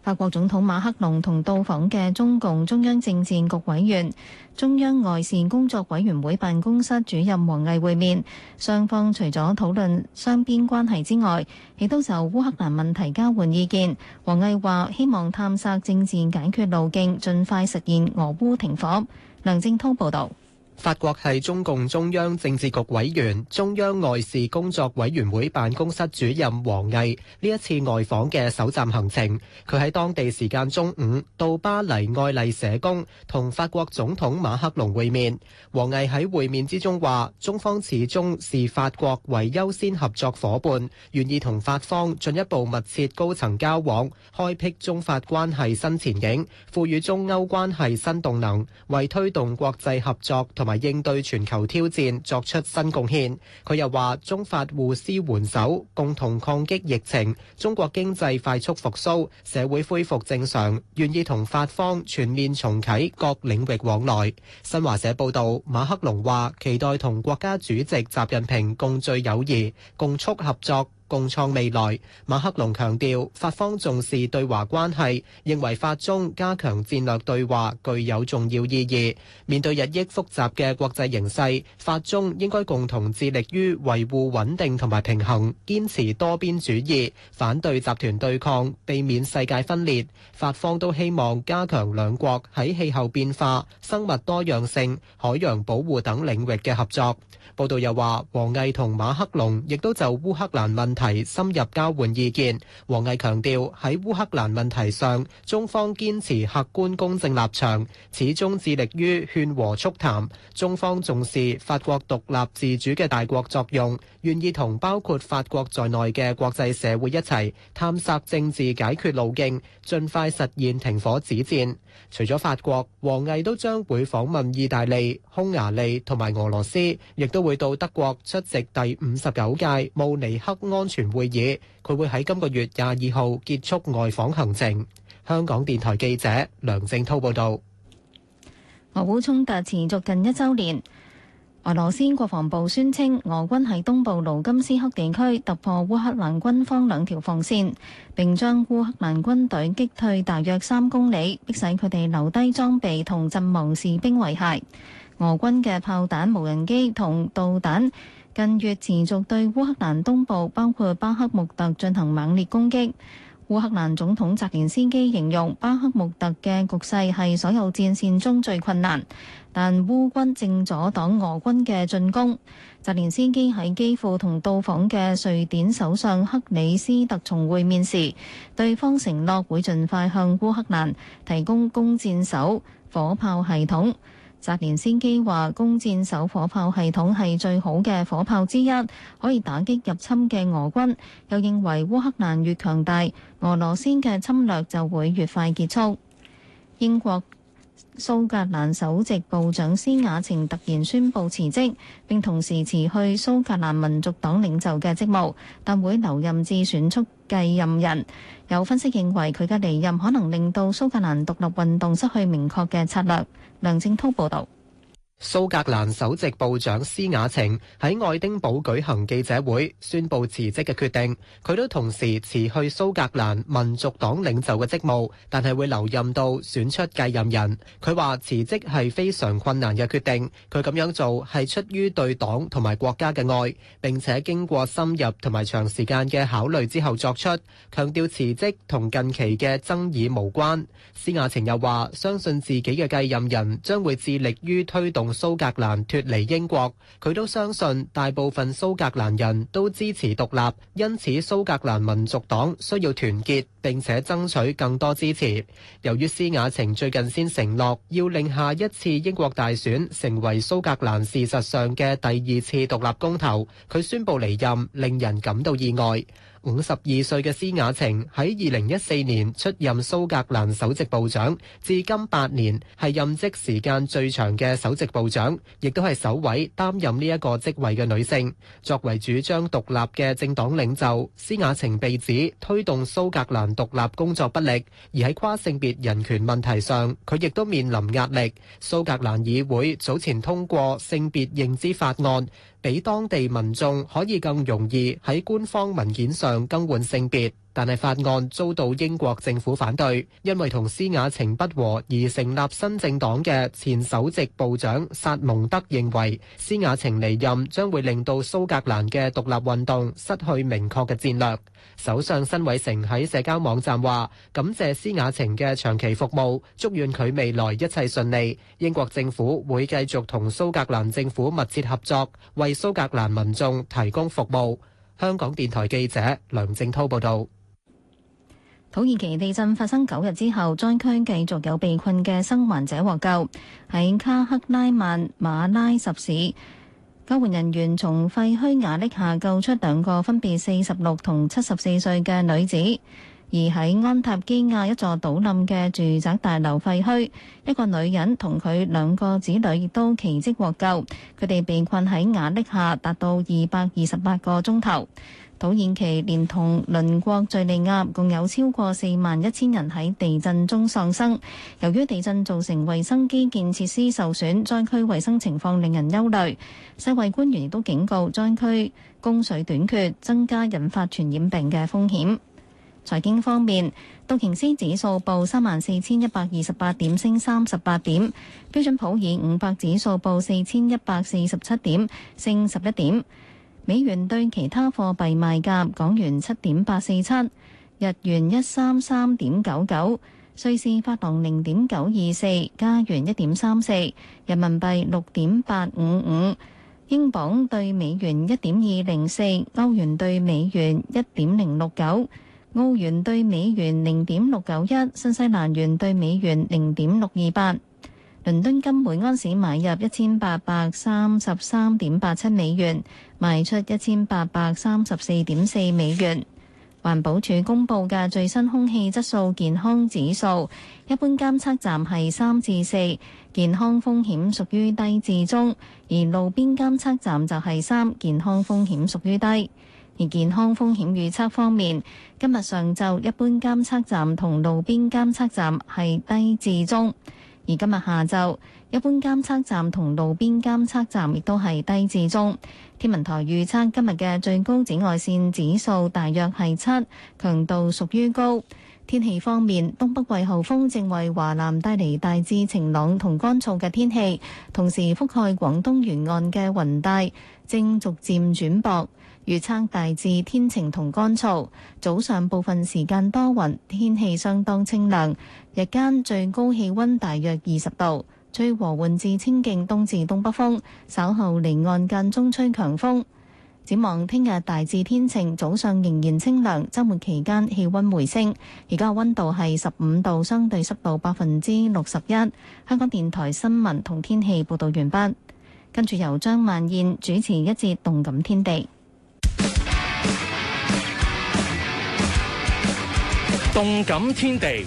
法國總統馬克龍同到訪嘅中共中央政治局委員、中央外事工作委員會辦公室主任王毅會面，雙方除咗討論雙邊關係之外，亦都就烏克蘭問題交換意見。王毅話：希望探索政治解決路徑，盡快實現俄烏停火。梁靜通報道。法國係中共中央政治局委員、中央外事工作委員會辦公室主任王毅呢一次外訪嘅首站行程，佢喺當地時間中午到巴黎愛麗舍宮同法國總統馬克龍會面。王毅喺會面之中話中方始終視法國為優先合作伙伴，願意同法方進一步密切高層交往，開辟中法關係新前景，賦予中歐關係新動能，為推動國際合作同。為應對全球挑戰作出新貢獻，佢又話中法互施援手，共同抗擊疫情，中國經濟快速復甦，社會恢復正常，願意同法方全面重啟各領域往來。新華社報道，馬克龍話期待同國家主席習近平共聚友誼，共促合作。共創未來，馬克龍強調，法方重視對華關係，認為法中加強戰略對話具有重要意義。面對日益複雜嘅國際形勢，法中應該共同致力於維護穩定同埋平衡，堅持多邊主義，反對集團對抗，避免世界分裂。法方都希望加強兩國喺氣候變化、生物多樣性、海洋保護等領域嘅合作。報道又話，王毅同馬克龍亦都就烏克蘭問提深入交換意見，王毅強調喺烏克蘭問題上，中方堅持客觀公正立場，始終致力於勸和促談。中方重視法國獨立自主嘅大國作用，願意同包括法國在內嘅國際社會一齊探索政治解決路徑，盡快實現停火止戰。除咗法國，王毅都將會訪問意大利、匈牙利同埋俄羅斯，亦都會到德國出席第五十九屆慕尼黑安全會議。佢會喺今個月廿二號結束外訪行程。香港電台記者梁正滔報導。俄烏衝突持續近一週年。俄羅斯國防部宣稱，俄軍喺東部盧甘斯克地區突破烏克蘭軍方兩條防線，並將烏克蘭軍隊擊退大約三公里，迫使佢哋留低裝備同陣亡士兵遺骸。俄軍嘅炮彈、無人機同導彈近月持續對烏克蘭東部，包括巴克穆特進行猛烈攻擊。烏克蘭總統澤連斯基形容巴克穆特嘅局勢係所有戰線中最困難，但烏軍正阻擋俄軍嘅進攻。澤連斯基喺基輔同到訪嘅瑞典首相克里斯特松會面時，對方承諾會盡快向烏克蘭提供弓箭手、火炮系統。澤連斯基話：弓箭手火炮系統係最好嘅火炮之一，可以打擊入侵嘅俄軍。又認為烏克蘭越強大，俄羅斯嘅侵略就會越快結束。英國。蘇格蘭首席部長施雅晴突然宣布辭職，並同時辭去蘇格蘭民族黨領袖嘅職務，但會留任至選出繼任人。有分析認為佢嘅離任可能令到蘇格蘭獨立運動失去明確嘅策略。梁正滔報導。蘇格蘭首席部長施雅晴喺愛丁堡舉行記者會，宣布辭職嘅決定。佢都同時辭去蘇格蘭民族黨領袖嘅職務，但係會留任到選出繼任人。佢話辭職係非常困難嘅決定，佢咁樣做係出於對黨同埋國家嘅愛，並且經過深入同埋長時間嘅考慮之後作出，強調辭職同近期嘅爭議無關。施雅晴又話，相信自己嘅繼任人將會致力於推動。同蘇格蘭脫離英國，佢都相信大部分蘇格蘭人都支持獨立，因此蘇格蘭民族黨需要團結，並且爭取更多支持。由於施雅晴最近先承諾要令下一次英國大選成為蘇格蘭事實上嘅第二次獨立公投，佢宣布離任，令人感到意外。五十二歲嘅施雅晴喺二零一四年出任蘇格蘭首席部長，至今八年，係任職時間最長嘅首席部長，亦都係首位擔任呢一個職位嘅女性。作為主張獨立嘅政黨領袖，施雅晴被指推動蘇格蘭獨立工作不力，而喺跨性別人權問題上，佢亦都面臨壓力。蘇格蘭議會早前通過性別認知法案。俾當地民眾可以更容易喺官方文件上更換性別。但係法案遭到英國政府反對，因為同施雅晴不和而成立新政黨嘅前首席部長薩蒙德認為施雅晴離任將會令到蘇格蘭嘅獨立運動失去明確嘅戰略。首相辛偉誠喺社交網站話，感謝施雅晴嘅長期服務，祝願佢未來一切順利。英國政府會繼續同蘇格蘭政府密切合作，為蘇格蘭民眾提供服務，香港電台記者梁正濤報道。土耳其地震發生九日之後，災區繼續有被困嘅生還者獲救。喺卡克拉曼馬拉什市，救援人員從廢墟瓦礫下救出兩個分別四十六同七十四歲嘅女子。而喺安塔基亞一座倒冧嘅住宅大樓廢墟，一個女人同佢兩個子女亦都奇蹟獲救。佢哋被困喺瓦礫下達到二百二十八個鐘頭。土耳其連同鄰國敘利亞共有超過四萬一千人喺地震中喪生。由於地震造成衛生基建設施受損，災區衛生情況令人憂慮。世衛官員亦都警告，災區供水短缺，增加引發傳染病嘅風險。財經方面，道瓊斯指數報三萬四千一百二十八點，升三十八點；標準普爾五百指數報四千一百四十七點，升十一點。美元對其他貨幣賣價：港元七點八四七，日元一三三點九九，瑞士法郎零點九二四，加元一點三四，人民幣六點八五五，英鎊對美元一點二零四，歐元對美元一點零六九，澳元對美元零點六九一，新西蘭元對美元零點六二八。倫敦金每安士買入一千八百三十三點八七美元，賣出一千八百三十四點四美元。環保署公布嘅最新空氣質素健康指數，一般監測站係三至四，健康風險屬於低至中；而路邊監測站就係三，健康風險屬於低。而健康風險預測方面，今日上晝一般監測站同路邊監測站係低至中。而今日下晝，一般監測站同路邊監測站亦都係低至中。天文台預測今日嘅最高紫外線指數大約係七，強度屬於高。天氣方面，東北季候風正為華南帶嚟大致晴朗同乾燥嘅天氣，同時覆蓋廣東沿岸嘅雲帶正逐漸轉薄。預測大致天晴同乾燥，早上部分時間多雲，天氣相當清涼。日間最高氣溫大約二十度，吹和緩至清勁東至東北風。稍後離岸間中吹強風。展望聽日大致天晴，早上仍然清涼，周末期間氣溫回升。而家嘅溫度係十五度，相對濕度百分之六十一。香港電台新聞同天氣報道完畢，跟住由張萬燕主持一節《動感天地》。動感天地。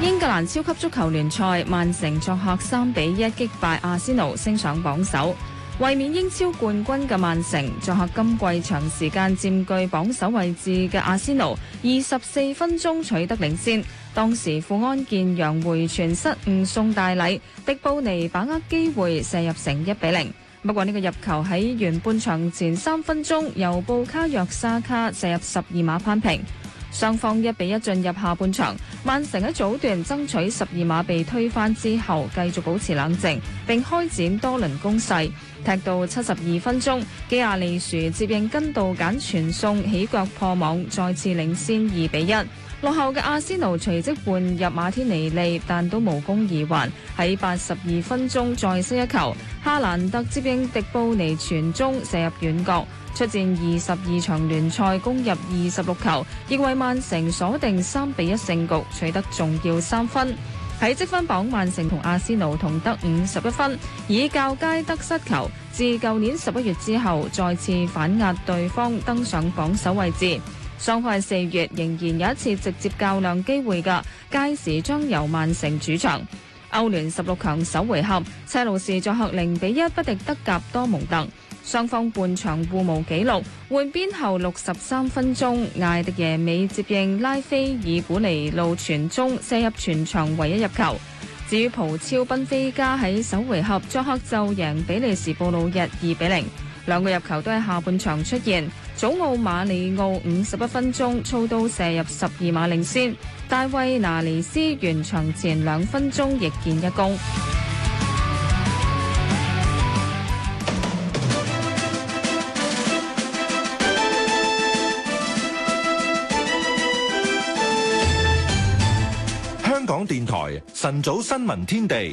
英格蘭超級足球聯賽，曼城作客三比一擊敗阿仙奴，升上榜首。衛冕英超冠軍嘅曼城作客今季長時間占據榜首位置嘅阿仙奴，二十四分鐘取得領先。當時富安健洋回傳失誤送大禮，迪布尼把握機會射入成一比零。不過呢個入球喺前半場前三分鐘由布卡約沙卡射入十二碼扳平。雙方一比一進入下半場，曼城喺早段爭取十二碼被推翻之後，繼續保持冷靜，並開展多輪攻勢，踢到七十二分鐘，基亞利殊接應根道簡傳送，起腳破網，再次領先二比一。落後嘅阿仙奴隨即換入馬天尼利，但都無功而還。喺八十二分鐘再失一球，哈蘭德接應迪布尼傳中，射入遠角。出戰二十二場聯賽，攻入二十六球，亦為曼城鎖定三比一勝局，取得重要三分。喺積分榜，曼城同阿仙奴同得五十一分，以較佳得失球，自舊年十一月之後再次反壓對方，登上榜首位置。雙方四月仍然有一次直接較量機會嘅，屆時將由曼城主場歐聯十六強首回合，車路士作客零比一不敵德甲多蒙特。雙方半場互無紀錄，換邊後六十三分鐘，艾迪耶尾接應拉菲爾古尼路傳中，射入全場唯一入球。至於葡超賓菲加喺首回合作客就贏比利時布魯日二比零，兩個入球都喺下半場出現。祖奧馬里奧五十一分鐘操刀射入十二碼領先，大衛拿尼斯完場前兩分鐘亦建一功。電台晨早新聞天地，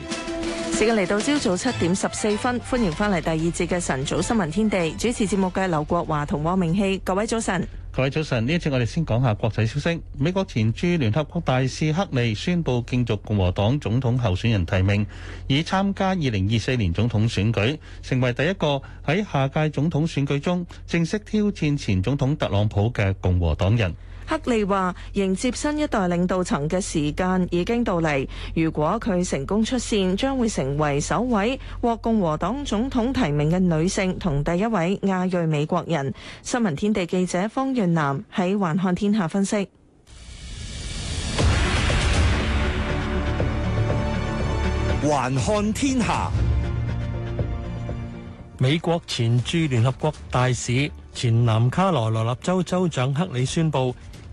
時間嚟到朝早七點十四分，歡迎翻嚟第二節嘅晨早新聞天地，主持節目嘅劉國華同汪明希，各位早晨，各位早晨。呢一節我哋先講下國際消息，美國前駐聯合國大使克利宣布競逐共和黨總統候選人提名，以參加二零二四年總統選舉，成為第一個喺下屆總統選舉中正式挑戰前總統特朗普嘅共和黨人。克利話：迎接新一代領導層嘅時間已經到嚟。如果佢成功出線，將會成為首位獲共和黨總統提名嘅女性，同第一位亞裔美國人。新聞天地記者方潤南喺《環看天下》分析，《環看天下》美國前駐聯合國大使、前南卡羅來納州州長克里宣布。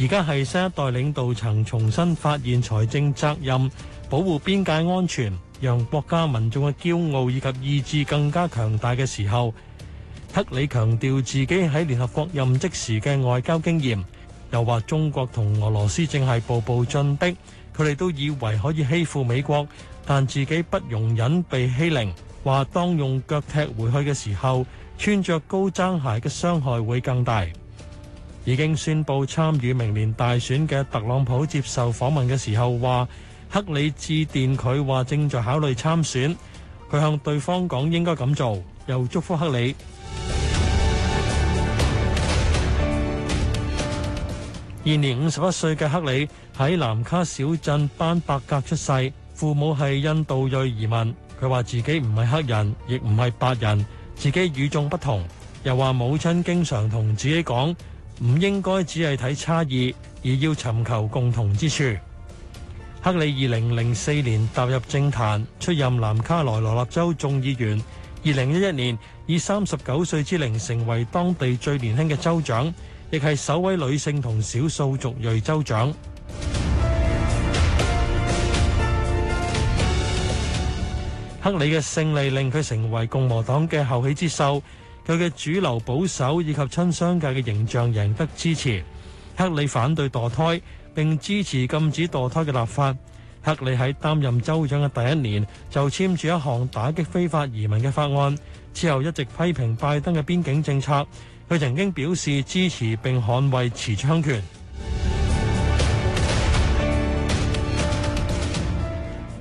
而家係新一代領導層重新發現財政責任、保護邊界安全、讓國家民眾嘅驕傲以及意志更加強大嘅時候，克里強調自己喺聯合國任職時嘅外交經驗，又話中國同俄羅斯正係步步進逼，佢哋都以為可以欺負美國，但自己不容忍被欺凌，話當用腳踢回去嘅時候，穿着高踭鞋嘅傷害會更大。已經宣布參與明年大選嘅特朗普接受訪問嘅時候，話克里致電佢，話正在考慮參選。佢向對方講，應該咁做，又祝福克里。現 年五十一歲嘅克里喺南卡小鎮班伯格出世，父母係印度裔移民。佢話自己唔係黑人，亦唔係白人，自己與眾不同。又話母親經常同自己講。唔應該只係睇差異，而要尋求共同之處。克里二零零四年踏入政壇，出任南卡羅來納州眾議員。二零一一年以三十九歲之齡成為當地最年輕嘅州長，亦係首位女性同少數族裔州長。 克里嘅勝利令佢成為共和黨嘅後起之秀。佢嘅主流保守以及親商界嘅形象贏得支持。克里反對墮胎，並支持禁止墮胎嘅立法。克里喺擔任州長嘅第一年就簽署一項打擊非法移民嘅法案，之後一直批評拜登嘅邊境政策。佢曾經表示支持並捍衛持槍權。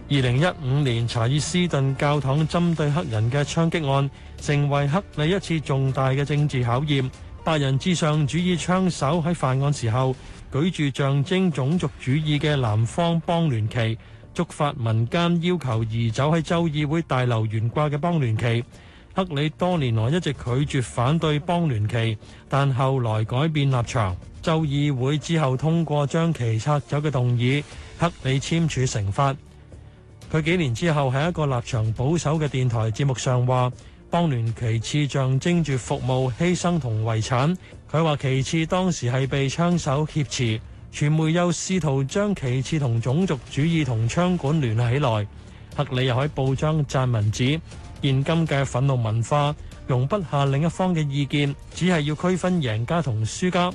二零一五年查爾斯頓教堂針對黑人嘅槍擊案，成為克里一次重大嘅政治考驗，白人至上主義槍手喺犯案時候舉住象徵種族主義嘅南方邦聯旗，觸發民間要求移走喺州議會大樓懸掛嘅邦聯旗。克里多年來一直拒絕反對邦聯旗，但後來改變立場，州議會之後通過將其拆走嘅動議，克里簽署成法。佢幾年之後喺一個立場保守嘅電台節目上話：邦聯旗幟象徵住服務犧牲同遺產。佢話旗幟當時係被槍手挾持，傳媒又試圖將旗幟同種族主義同槍管聯繫起來。克里又喺以報章撰文指現今嘅憤怒文化容不下另一方嘅意見，只係要區分贏家同輸家。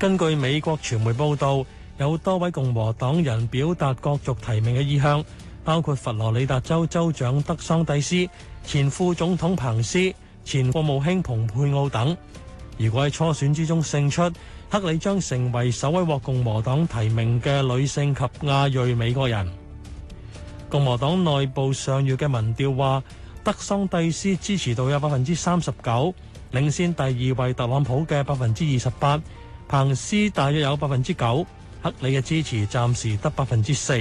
根據美國傳媒報道，有多位共和黨人表達角逐提名嘅意向，包括佛羅里達州州長德桑蒂斯、前副總統彭斯、前國務卿蓬佩奧等。如果喺初選之中勝出，克里將成為首位獲共和黨提名嘅女性及亞裔美國人。共和黨內部上月嘅民調話，德桑蒂斯支持度有百分之三十九，領先第二位特朗普嘅百分之二十八。彭斯大約有百分之九，克里嘅支持暫時得百分之四。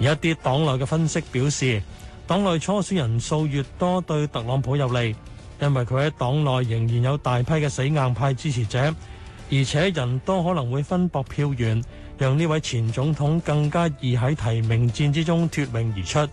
而一啲黨內嘅分析表示，黨內初選人數越多對特朗普有利，因為佢喺黨內仍然有大批嘅死硬派支持者，而且人多可能會分薄票源，讓呢位前總統更加易喺提名戰之中脱穎而出。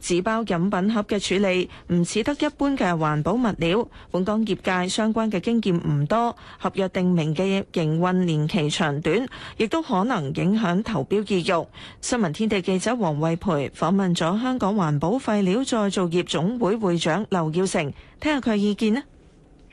紙包飲品盒嘅處理唔似得一般嘅環保物料，本港業界相關嘅經驗唔多，合約定明嘅營運年期長短，亦都可能影響投標意欲。新聞天地記者黃慧培訪問咗香港環保廢料再造業總會會長劉耀成，聽下佢嘅意見呢。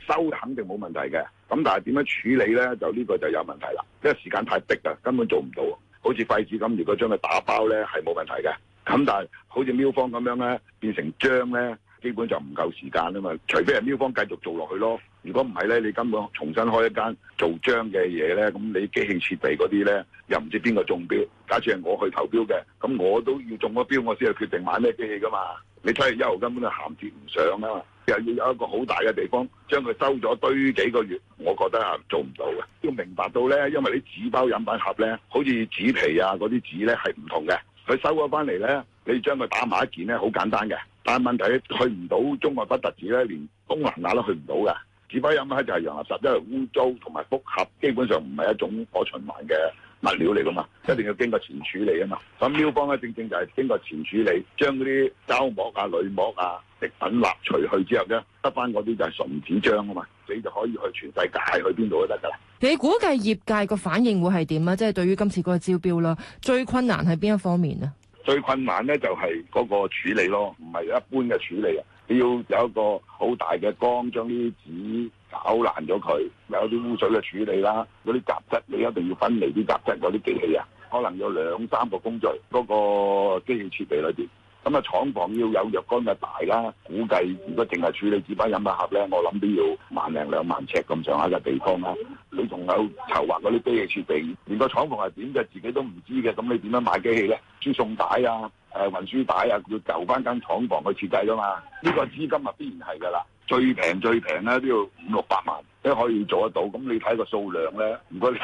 收肯定冇問題嘅，咁但係點樣處理呢？就呢個就有問題啦，因為時間太逼啊，根本做唔到。好似廢紙咁，如果將佢打包呢，係冇問題嘅。咁但係好似喵方咁樣咧，變成漿咧，基本就唔夠時間啊嘛！除非係喵方繼續做落去咯。如果唔係咧，你根本重新開一間做漿嘅嘢咧，咁你機器設備嗰啲咧，又唔知邊個中標。假設係我去投標嘅，咁我都要中咗標，我先係決定買咩機器噶嘛。你七月一號根本就銜接唔上啊嘛！又要有一個好大嘅地方，將佢收咗堆幾個月，我覺得啊，做唔到嘅。要明白到咧，因為你紙包飲品盒咧，好似紙皮啊嗰啲紙咧，係唔同嘅。佢收咗翻嚟咧，你將佢打埋一件咧，好簡單嘅。但係問題去唔到中國不特止咧，連東南亞都去唔到嘅。紙包飲品就係洋垃圾，因為污糟同埋複合基本上唔係一種可循環嘅物料嚟噶嘛，一定要經過前處理啊嘛。咁喵坊咧，正正就係經過前處理，將嗰啲膠膜啊、鋁膜啊、食品蠟除去之後咧，得翻嗰啲就係純紙張啊嘛。你就可以去全世界，去邊度都得噶啦。你估計業界個反應會係點啊？即係對於今次嗰個招標啦，最困難係邊一方面啊？最困難咧就係嗰個處理咯，唔係一般嘅處理啊。你要有一個好大嘅缸，將啲紙搞爛咗佢，有啲污水嘅處理啦，嗰啲雜質你一定要分離啲雜質，嗰啲機器啊，可能有兩三個工序，嗰個機器設備裏邊。咁啊，廠房要有若干嘅大啦，估計如果淨係處理紙包飲品盒咧，我諗都要萬零兩萬尺咁上下嘅地方啦。你仲有籌劃嗰啲機器設備，連個廠房係點嘅自己都唔知嘅，咁你點樣買機器咧？輸送帶啊，誒、啊、運輸帶啊，要就翻間廠房去設計㗎嘛。呢、呢個資金啊，必然係㗎啦。最平最平咧都要五六百萬，都可以做得到。咁你睇個數量咧，如果你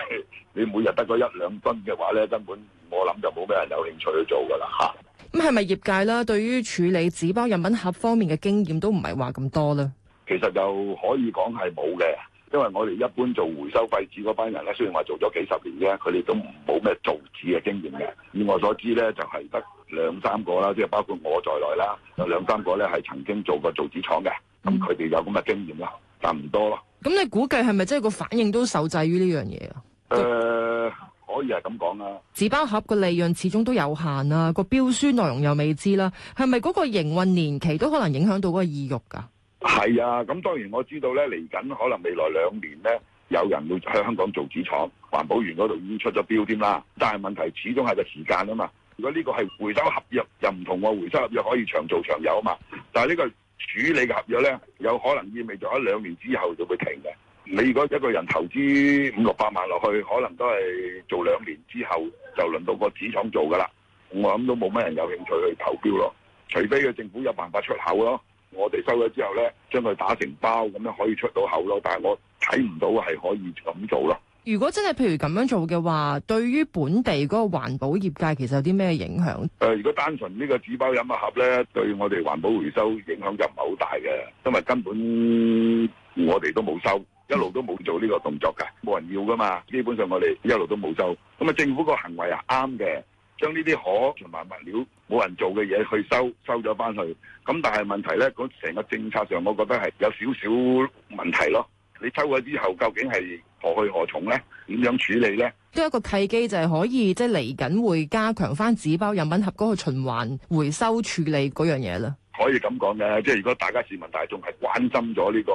你每日得嗰一兩噸嘅話咧，根本我諗就冇咩人有興趣去做㗎啦嚇。咁係咪業界啦？對於處理紙包飲品盒方面嘅經驗都唔係話咁多咧。其實又可以講係冇嘅，因為我哋一般做回收廢紙嗰班人咧，雖然話做咗幾十年啫，佢哋都冇咩造紙嘅經驗嘅。以我所知咧，就係得兩三個啦，即係包括我在內啦，有兩三個咧係曾經做過造紙廠嘅，咁佢哋有咁嘅經驗啦，但唔多咯。咁你估計係咪真係個反應都受制於呢樣嘢啊？誒、呃。可以係咁講啦，紙包盒嘅利潤始終都有限啊，個標書內容又未知啦，係咪嗰個營運年期都可能影響到嗰個意欲㗎？係啊，咁當然我知道咧，嚟緊可能未來兩年咧，有人會喺香港做紙廠，環保園嗰度已經出咗標添啦。但係問題始終係個時間啊嘛。如果呢個係回收合約，又唔同喎、啊、回收合約可以長做長有啊嘛。但係呢個處理嘅合約咧，有可能意味咗一兩年之後就會停嘅。你如果一個人投資五六百萬落去，可能都係做兩年之後就輪到個紙廠做㗎啦。我諗都冇乜人有興趣去投標咯。除非個政府有辦法出口咯，我哋收咗之後呢，將佢打成包咁樣可以出到口咯。但係我睇唔到係可以咁做咯。如果真係譬如咁樣做嘅話，對於本地嗰個環保業界其實有啲咩影響？誒、呃，如果單純呢個紙包飲物盒呢，對我哋環保回收影響就唔係好大嘅，因為根本我哋都冇收。一路都冇做呢個動作㗎，冇人要㗎嘛。基本上我哋一路都冇收。咁啊，政府個行為係啱嘅，將呢啲可循環物料冇人做嘅嘢去收收咗翻去。咁但係問題咧，嗰成個政策上，我覺得係有少少問題咯。你收咗之後，究竟係何去何從咧？點樣處理咧？都一個契機，就係可以即係嚟緊會加強翻紙包飲品盒嗰個循環回收處理嗰樣嘢啦。可以咁講嘅，即係如果大家市民大眾係關心咗呢個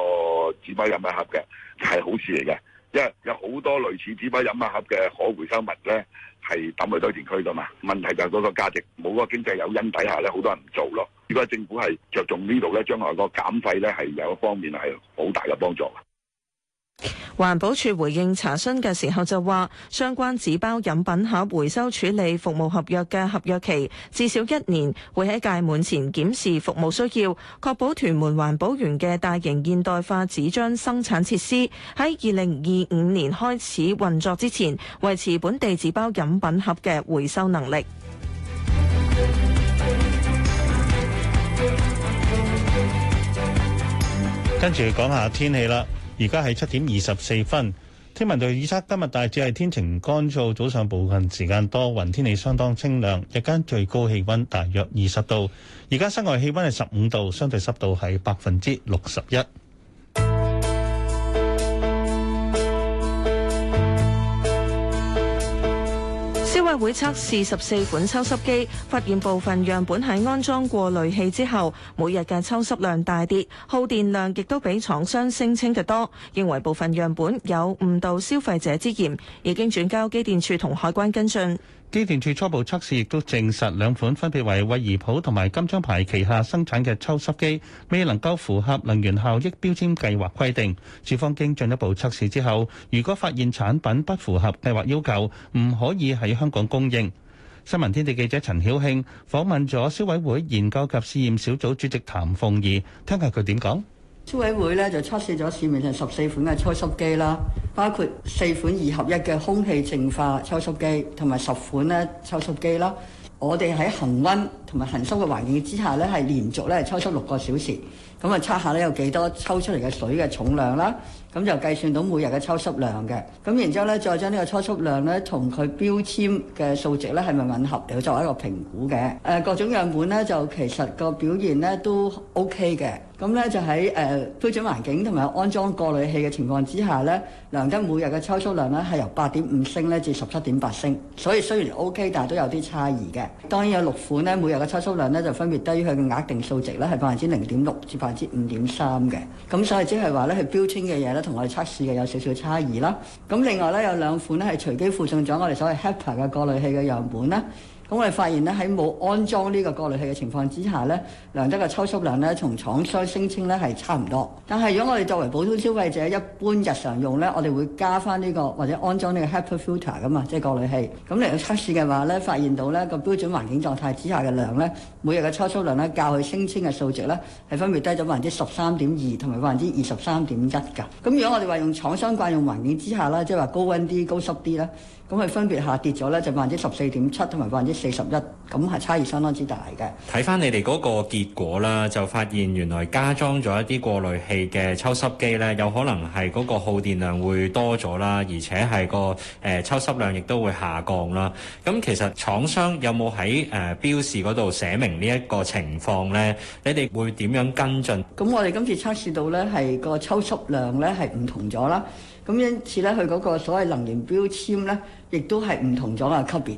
紙包飲品盒嘅。係好事嚟嘅，因為有好多類似紙杯、飲品盒嘅可回收物咧，係抌去堆填區㗎嘛。問題就係嗰個價值冇個經濟誘因底下咧，好多人唔做咯。如果政府係着重呢度咧，將來個減廢咧，係有一方面係好大嘅幫助。環保署回應查詢嘅時候就話，相關紙包飲品盒回收處理服務合約嘅合約期至少一年，會喺屆滿前檢視服務需要，確保屯門環保園嘅大型現代化紙張生產設施喺二零二五年開始運作之前，維持本地紙包飲品盒嘅回收能力。跟住講下天氣啦。而家係七點二十四分，天文台預測今日大致係天晴乾燥，早上部分時間多雲，天氣相當清涼，日間最高氣溫大約二十度。而家室外氣溫係十五度，相對濕度係百分之六十一。因為會測試十四款抽濕機，發現部分樣本喺安裝過濾器之後，每日嘅抽濕量大跌，耗電量亦都比廠商聲稱嘅多，認為部分樣本有誤導消費者之嫌，已經轉交機電處同海關跟進。機電署初步測試亦都證實兩款分別為惠而浦同埋金章牌旗下生產嘅抽濕機未能夠符合能源效益標籤計劃規定。署方經進一步測試之後，如果發現產品不符合計劃要求，唔可以喺香港供應。新聞天地記者陳曉慶訪問咗消委會研究及試驗小組主席譚鳳儀，聽下佢點講。消委會咧就測試咗市面上十四款嘅抽濕機啦，包括四款二合一嘅空氣淨化抽濕機，同埋十款咧抽濕機啦。我哋喺恒溫同埋恒濕嘅環境之下咧，係連續咧抽濕六個小時，咁啊測下咧有幾多抽出嚟嘅水嘅重量啦，咁就計算到每日嘅抽濕量嘅。咁然之後咧，再將呢個抽濕量咧，同佢標籤嘅數值咧係咪吻合嚟作為一個評估嘅。誒各種樣本咧就其實個表現咧都 OK 嘅。咁咧就喺誒、uh，標準環境同埋安裝過濾器嘅情況之下咧，量得每日嘅抽濕量咧係由八點五升咧至十七點八升。所以雖然 O、OK, K，但係都有啲差異嘅。當然有六款咧，每日嘅抽濕量咧就分別低於佢嘅額定數值咧，係百分之零點六至百分之五點三嘅。咁所以即係話咧，佢標稱嘅嘢咧，同我哋測試嘅有少少差異啦。咁另外咧有兩款咧係隨機附送咗我哋所謂 HEPA 嘅過濾器嘅樣本啦。咁我哋發現咧，喺冇安裝呢個過濾器嘅情況之下咧，量得嘅抽濕量咧，同廠商聲稱咧係差唔多。但係如果我哋作為普通消費者一般日常用咧，我哋會加翻呢個或者安裝呢個 HEPA filter 噶嘛，即係過濾器。咁嚟到測試嘅話咧，發現到咧個標準環境狀態之下嘅量咧，每日嘅抽濕量咧，較佢聲稱嘅數值咧，係分別低咗百分之十三點二同埋百分之二十三點一㗎。咁如果我哋話用廠商慣用環境之下咧，即係話高溫啲、高濕啲咧。咁佢分別下跌咗咧，就百分之十四點七同埋百分之四十一，咁係差異相當之大嘅。睇返你哋嗰個結果啦，就發現原來加裝咗一啲過濾器嘅抽濕機咧，有可能係嗰個耗電量會多咗啦，而且係個誒抽濕量亦都會下降啦。咁其實廠商有冇喺誒標示嗰度寫明呢一個情況咧？你哋會點樣跟進？咁我哋今次測試到咧，係個抽濕量咧係唔同咗啦。咁因此咧，佢嗰個所謂能源標籤咧，亦都係唔同咗嘅級別。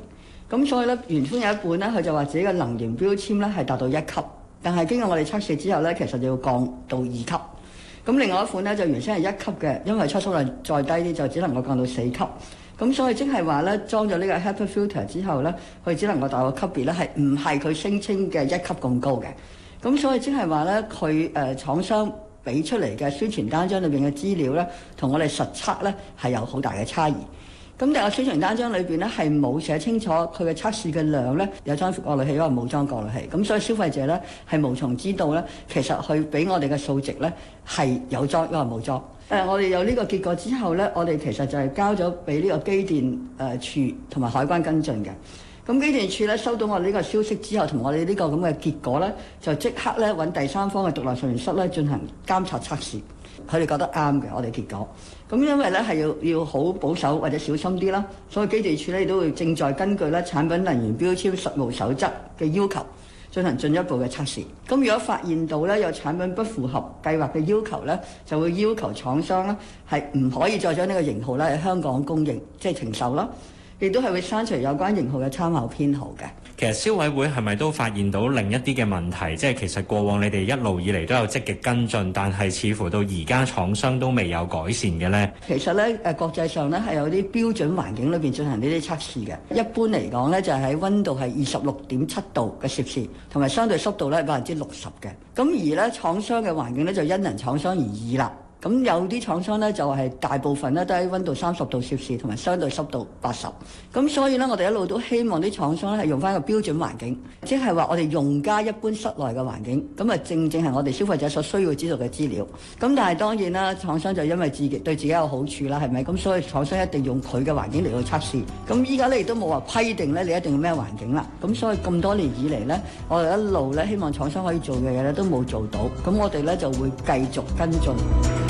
咁所以咧，原先有一半咧，佢就話自己嘅能源標籤咧係達到一級，但係經過我哋測試之後咧，其實要降到二級。咁另外一款咧就原先係一級嘅，因為出風量再低啲就只能夠降到四級。咁所以即係話咧，裝咗呢個 HEPA filter 之後咧，佢只能夠達到級別咧係唔係佢聲稱嘅一級咁高嘅。咁所以即係話咧，佢誒、呃、廠商。俾出嚟嘅宣傳單張裏邊嘅資料呢，同我哋實測呢係有好大嘅差異。咁但係宣傳單張裏邊呢係冇寫清楚佢嘅測試嘅量呢，有裝過濾器，因為冇裝過濾器，咁所以消費者呢係無從知道呢，其實佢俾我哋嘅數值呢係有，有裝，因為冇裝。誒，我哋有呢個結果之後呢，我哋其實就係交咗俾呢個機電誒、呃、處同埋海關跟進嘅。咁機電處咧收到我哋呢個消息之後，同我哋呢個咁嘅結果咧，就即刻咧揾第三方嘅獨立實驗室咧進行監察測試，佢哋覺得啱嘅我哋結果。咁因為咧係要要好保守或者小心啲啦，所以機電處咧亦都會正在根據咧產品能源標籤實務守則嘅要求進行進一步嘅測試。咁如果發現到咧有產品不符合計劃嘅要求咧，就會要求廠商咧係唔可以再將呢個型號咧喺香港供應，即係停售啦。亦都係會刪除有關型號嘅參考編號嘅。其實消委會係咪都發現到另一啲嘅問題？即係其實過往你哋一路以嚟都有積極跟進，但係似乎到而家廠商都未有改善嘅呢？其實咧，誒國際上咧係有啲標準環境裏邊進行呢啲測試嘅。一般嚟講咧就係喺温度係二十六點七度嘅攝氏，同埋相對濕度咧百分之六十嘅。咁而咧廠商嘅環境咧就因人廠商而異啦。咁有啲廠商咧就係大部分咧都喺温度三十度攝氏同埋相對濕度八十，咁所以咧我哋一路都希望啲廠商咧係用翻個標準環境，即係話我哋用家一般室內嘅環境，咁啊正正係我哋消費者所需要知道嘅資料。咁但係當然啦，廠商就因為自己對自己有好處啦，係咪？咁所以廠商一定用佢嘅環境嚟到測試。咁依家咧亦都冇話規定咧，你一定要咩環境啦。咁所以咁多年以嚟咧，我哋一路咧希望廠商可以做嘅嘢咧都冇做到。咁我哋咧就會繼續跟進。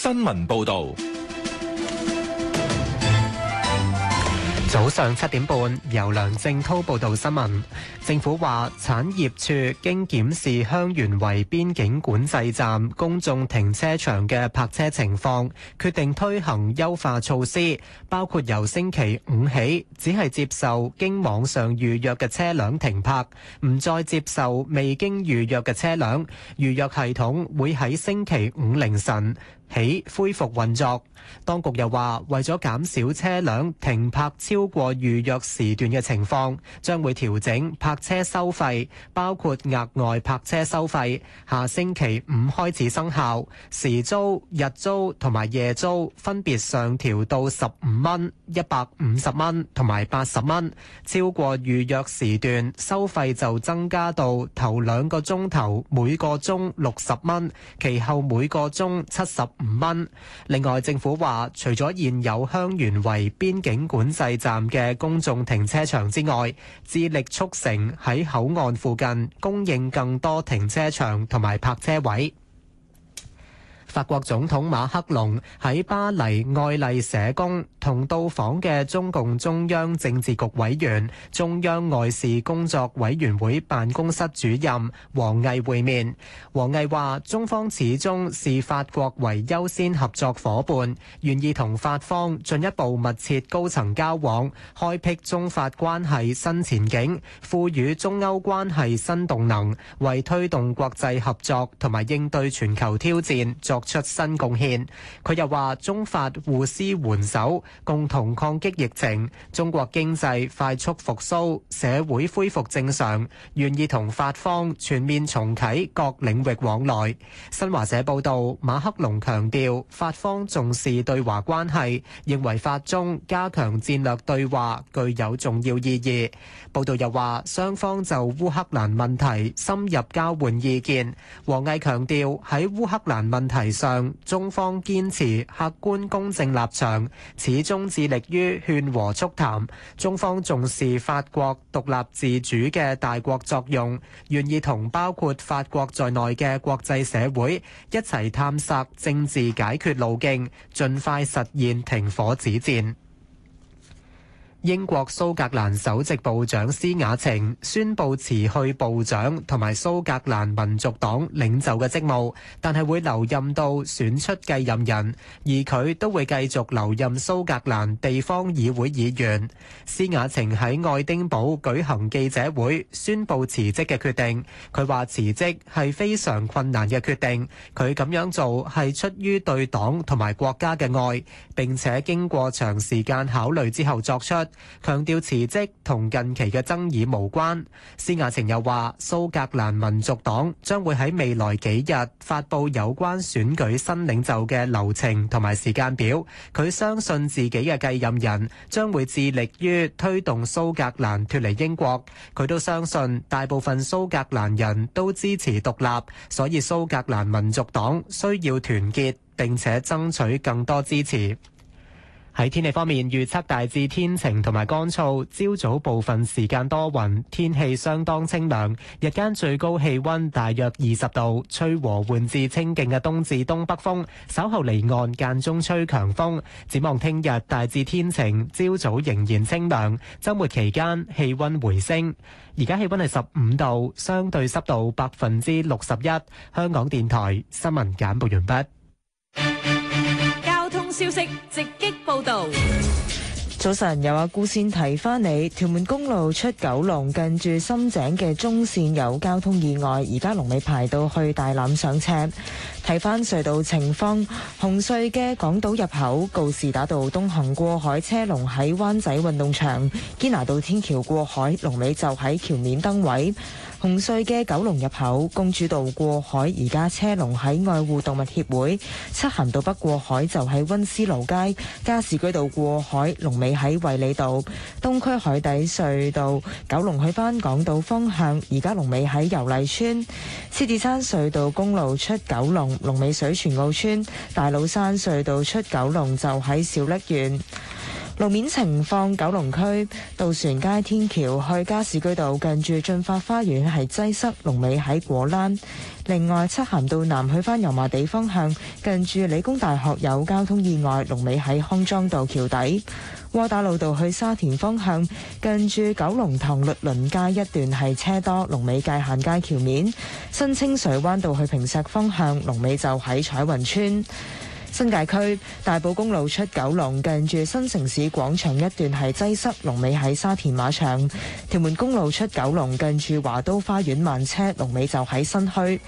新聞報道，早上七點半，由梁正濤報道新聞。政府話，產業處經檢視香園圍邊境管制站公眾停車場嘅泊車情況，決定推行優化措施，包括由星期五起只係接受經網上預約嘅車輛停泊，唔再接受未經預約嘅車輛。預約系統會喺星期五凌晨起恢復運作，當局又話為咗減少車輛停泊超過預約時段嘅情況，將會調整泊車收費，包括額外泊車收費。下星期五開始生效，時租、日租同埋夜租分別上調到十五蚊、一百五十蚊同埋八十蚊。超過預約時段收費就增加到頭兩個鐘頭每個鐘六十蚊，其後每個鐘七十五蚊。另外，政府話，除咗現有香園圍邊境管制站嘅公眾停車場之外，致力促成喺口岸附近供應更多停車場同埋泊車位。法國總統馬克龍喺巴黎愛麗舍宮同到訪嘅中共中央政治局委員、中央外事工作委員會辦公室主任王毅會面。王毅話：中方始終視法國為優先合作夥伴，願意同法方進一步密切高層交往，開闢中法關係新前景，賦予中歐關係新動能，為推動國際合作同埋應對全球挑戰作出新貢獻，佢又話中法互施援手，共同抗擊疫情。中國經濟快速復甦，社會恢復正常，願意同法方全面重啟各領域往來。新華社報道，馬克龍強調法方重視對華關係，認為法中加強戰略對話具有重要意義。報道又話雙方就烏克蘭問題深入交換意見。王毅強調喺烏克蘭問題上中方堅持客觀公正立場，始終致力於勸和促談。中方重視法國獨立自主嘅大國作用，願意同包括法國在內嘅國際社會一齊探索政治解決路徑，盡快實現停火止戰。英國蘇格蘭首席部長施雅晴宣布辭去部長同埋蘇格蘭民族黨領袖嘅職務，但係會留任到選出繼任人，而佢都會繼續留任蘇格蘭地方議會議員。施雅晴喺愛丁堡舉行記者會，宣布辭職嘅決定。佢話辭職係非常困難嘅決定，佢咁樣做係出於對黨同埋國家嘅愛，並且經過長時間考慮之後作出。強調辭職同近期嘅爭議無關。施雅晴又話，蘇格蘭民族黨將會喺未來幾日發佈有關選舉新領袖嘅流程同埋時間表。佢相信自己嘅繼任人將會致力於推動蘇格蘭脫離英國。佢都相信大部分蘇格蘭人都支持獨立，所以蘇格蘭民族黨需要團結並且爭取更多支持。喺天氣方面，預測大致天晴同埋乾燥，朝早部分時間多雲，天氣相當清涼，日間最高氣溫大約二十度，吹和緩至清勁嘅東至東北風，稍後離岸間中吹強風。展望聽日大致天晴，朝早仍然清涼，周末期間氣溫回升。而家氣溫係十五度，相對濕度百分之六十一。香港電台新聞簡報完畢。消息直擊報道。早晨，有阿顧先提翻你，屯門公路出九龍近住深井嘅中線有交通意外，而家龍尾排到去大欖上斜。睇翻隧道情況，紅隧嘅港島入口告士打道東行過海車龍喺灣仔運動場，堅拿道天橋過海龍尾就喺橋面燈位。紅隧嘅九龍入口公主道過海，而家車龍喺愛護動物協會；漆咸道北過海就喺溫思勞街；加士居道過海龍尾喺衛理道；東區海底隧道九龍去返港島方向，而家龍尾喺油麗村；獅子山隧道公路出九龍龍尾水泉澳村；大老山隧道出九龍就喺小瀝源。路面情況：九龍區渡船街天橋去加士居道近住駿發花園係擠塞，龍尾喺果欄；另外，漆咸道南去翻油麻地方向近住理工大學有交通意外，龍尾喺康莊道橋底；窩打老道去沙田方向近住九龍塘律倫街一段係車多，龍尾界限街橋面；新清水灣道去坪石方向，龍尾就喺彩雲村。新界區大埔公路出九龍近住新城市廣場一段係擠塞，龍尾喺沙田馬場；屯門公路出九龍近住華都花園慢車，龍尾就喺新墟；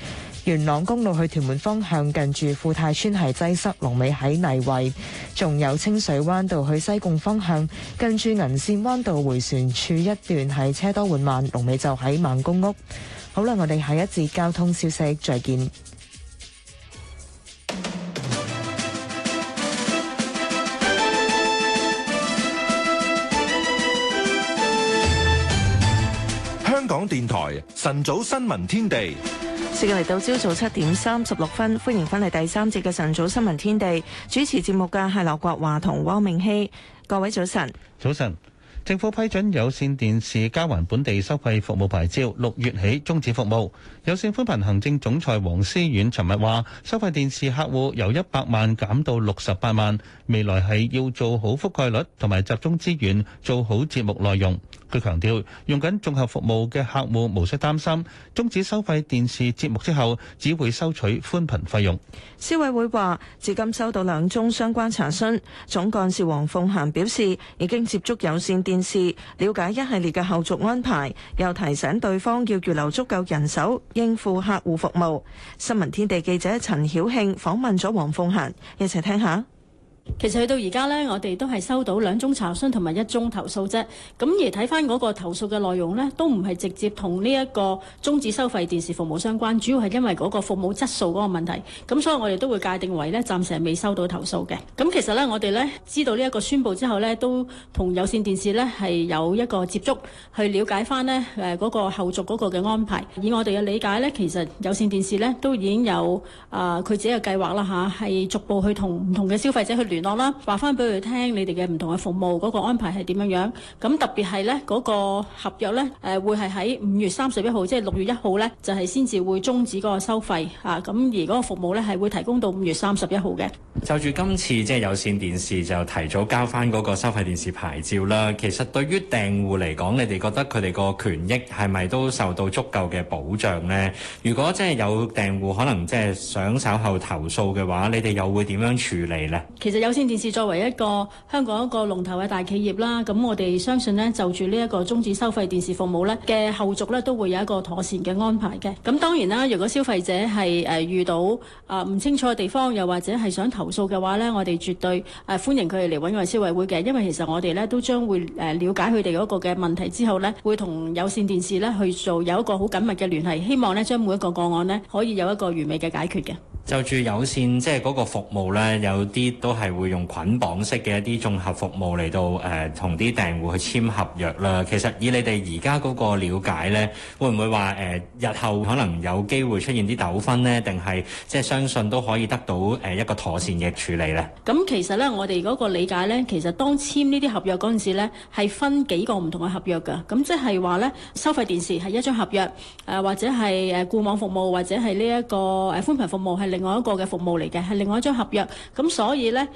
元朗公路去屯門方向近住富泰村係擠塞，龍尾喺泥圍；仲有清水灣道去西貢方向近住銀線灣道回旋處一段係車多緩慢，龍尾就喺萬公屋。好啦，我哋下一節交通消息再見。電台晨早新聞天地，時間嚟到朝早七點三十六分，歡迎翻嚟第三節嘅晨早新聞天地，主持節目嘅係劉國華同汪明熙。各位早晨，早晨。政府批准有線電視交還本地收費服務牌照，六月起終止服務。有線寬頻行政總裁黃思遠尋日話，收費電視客戶由一百萬減到六十八萬，未來係要做好覆蓋率同埋集中資源，做好節目內容。佢強調，用緊綜合服務嘅客戶無需擔心，終止收費電視節目之後，只會收取寬頻費用。消委會話，至今收到兩宗相關查詢。總幹事黃鳳嫺表示，已經接觸有線電視，了解一系列嘅後續安排，又提醒對方要預留足夠人手，應付客戶服務。新聞天地記者陳曉慶訪問咗黃鳳嫺，一齊聽下。其實去到而家呢，我哋都係收到兩宗查詢同埋一宗投訴啫。咁而睇翻嗰個投訴嘅內容呢，都唔係直接同呢一個終止收費電視服務相關，主要係因為嗰個服務質素嗰個問題。咁所以我哋都會界定為呢，暫時係未收到投訴嘅。咁其實呢，我哋呢，知道呢一個宣佈之後呢，都同有線電視呢係有一個接觸，去了解翻呢誒嗰個後續嗰個嘅安排。以我哋嘅理解呢，其實有線電視呢都已經有啊佢、呃、自己嘅計劃啦嚇，係、啊、逐步去同唔同嘅消費者去。聯絡啦，話翻俾佢哋聽，你哋嘅唔同嘅服務嗰個安排係點樣樣？咁特別係呢嗰個合約呢，誒會係喺五月三十一號，即係六月一號呢，就係先至會終止嗰個收費嚇。咁而嗰個服務呢係會提供到五月三十一號嘅。就住今次即係有線電視就提早交翻嗰個收費電視牌照啦。其實對於訂戶嚟講，你哋覺得佢哋個權益係咪都受到足夠嘅保障呢？如果即係有訂戶可能即係想稍後投訴嘅話，你哋又會點樣處理呢？其實。有線電視作為一個香港一個龍頭嘅大企業啦，咁我哋相信呢，就住呢一個終止收費電視服務呢嘅後續呢，都會有一個妥善嘅安排嘅。咁當然啦，如果消費者係誒遇到啊唔清楚嘅地方，又或者係想投訴嘅話呢，我哋絕對誒歡迎佢哋嚟揾我哋消委會嘅。因為其實我哋呢都將會誒了解佢哋嗰個嘅問題之後呢，會同有線電視呢去做有一個好緊密嘅聯繫，希望呢將每一個個案呢可以有一個完美嘅解決嘅。就住有線，即係嗰個服務呢，有啲都係。會用捆綁式嘅一啲綜合服務嚟到誒同啲訂戶去簽合約啦。其實以你哋而家嗰個瞭解呢，會唔會話誒、呃、日後可能有機會出現啲糾紛呢？定係即係相信都可以得到誒、呃、一個妥善嘅處理呢？咁其實呢，我哋嗰個理解呢，其實當簽呢啲合約嗰陣時呢，係分幾個唔同嘅合約㗎。咁即係話呢，收費電視係一張合約，誒、呃、或者係誒固網服務或者係呢一個誒寬頻服務係另外一個嘅服務嚟嘅，係另外一張合約。咁所以呢。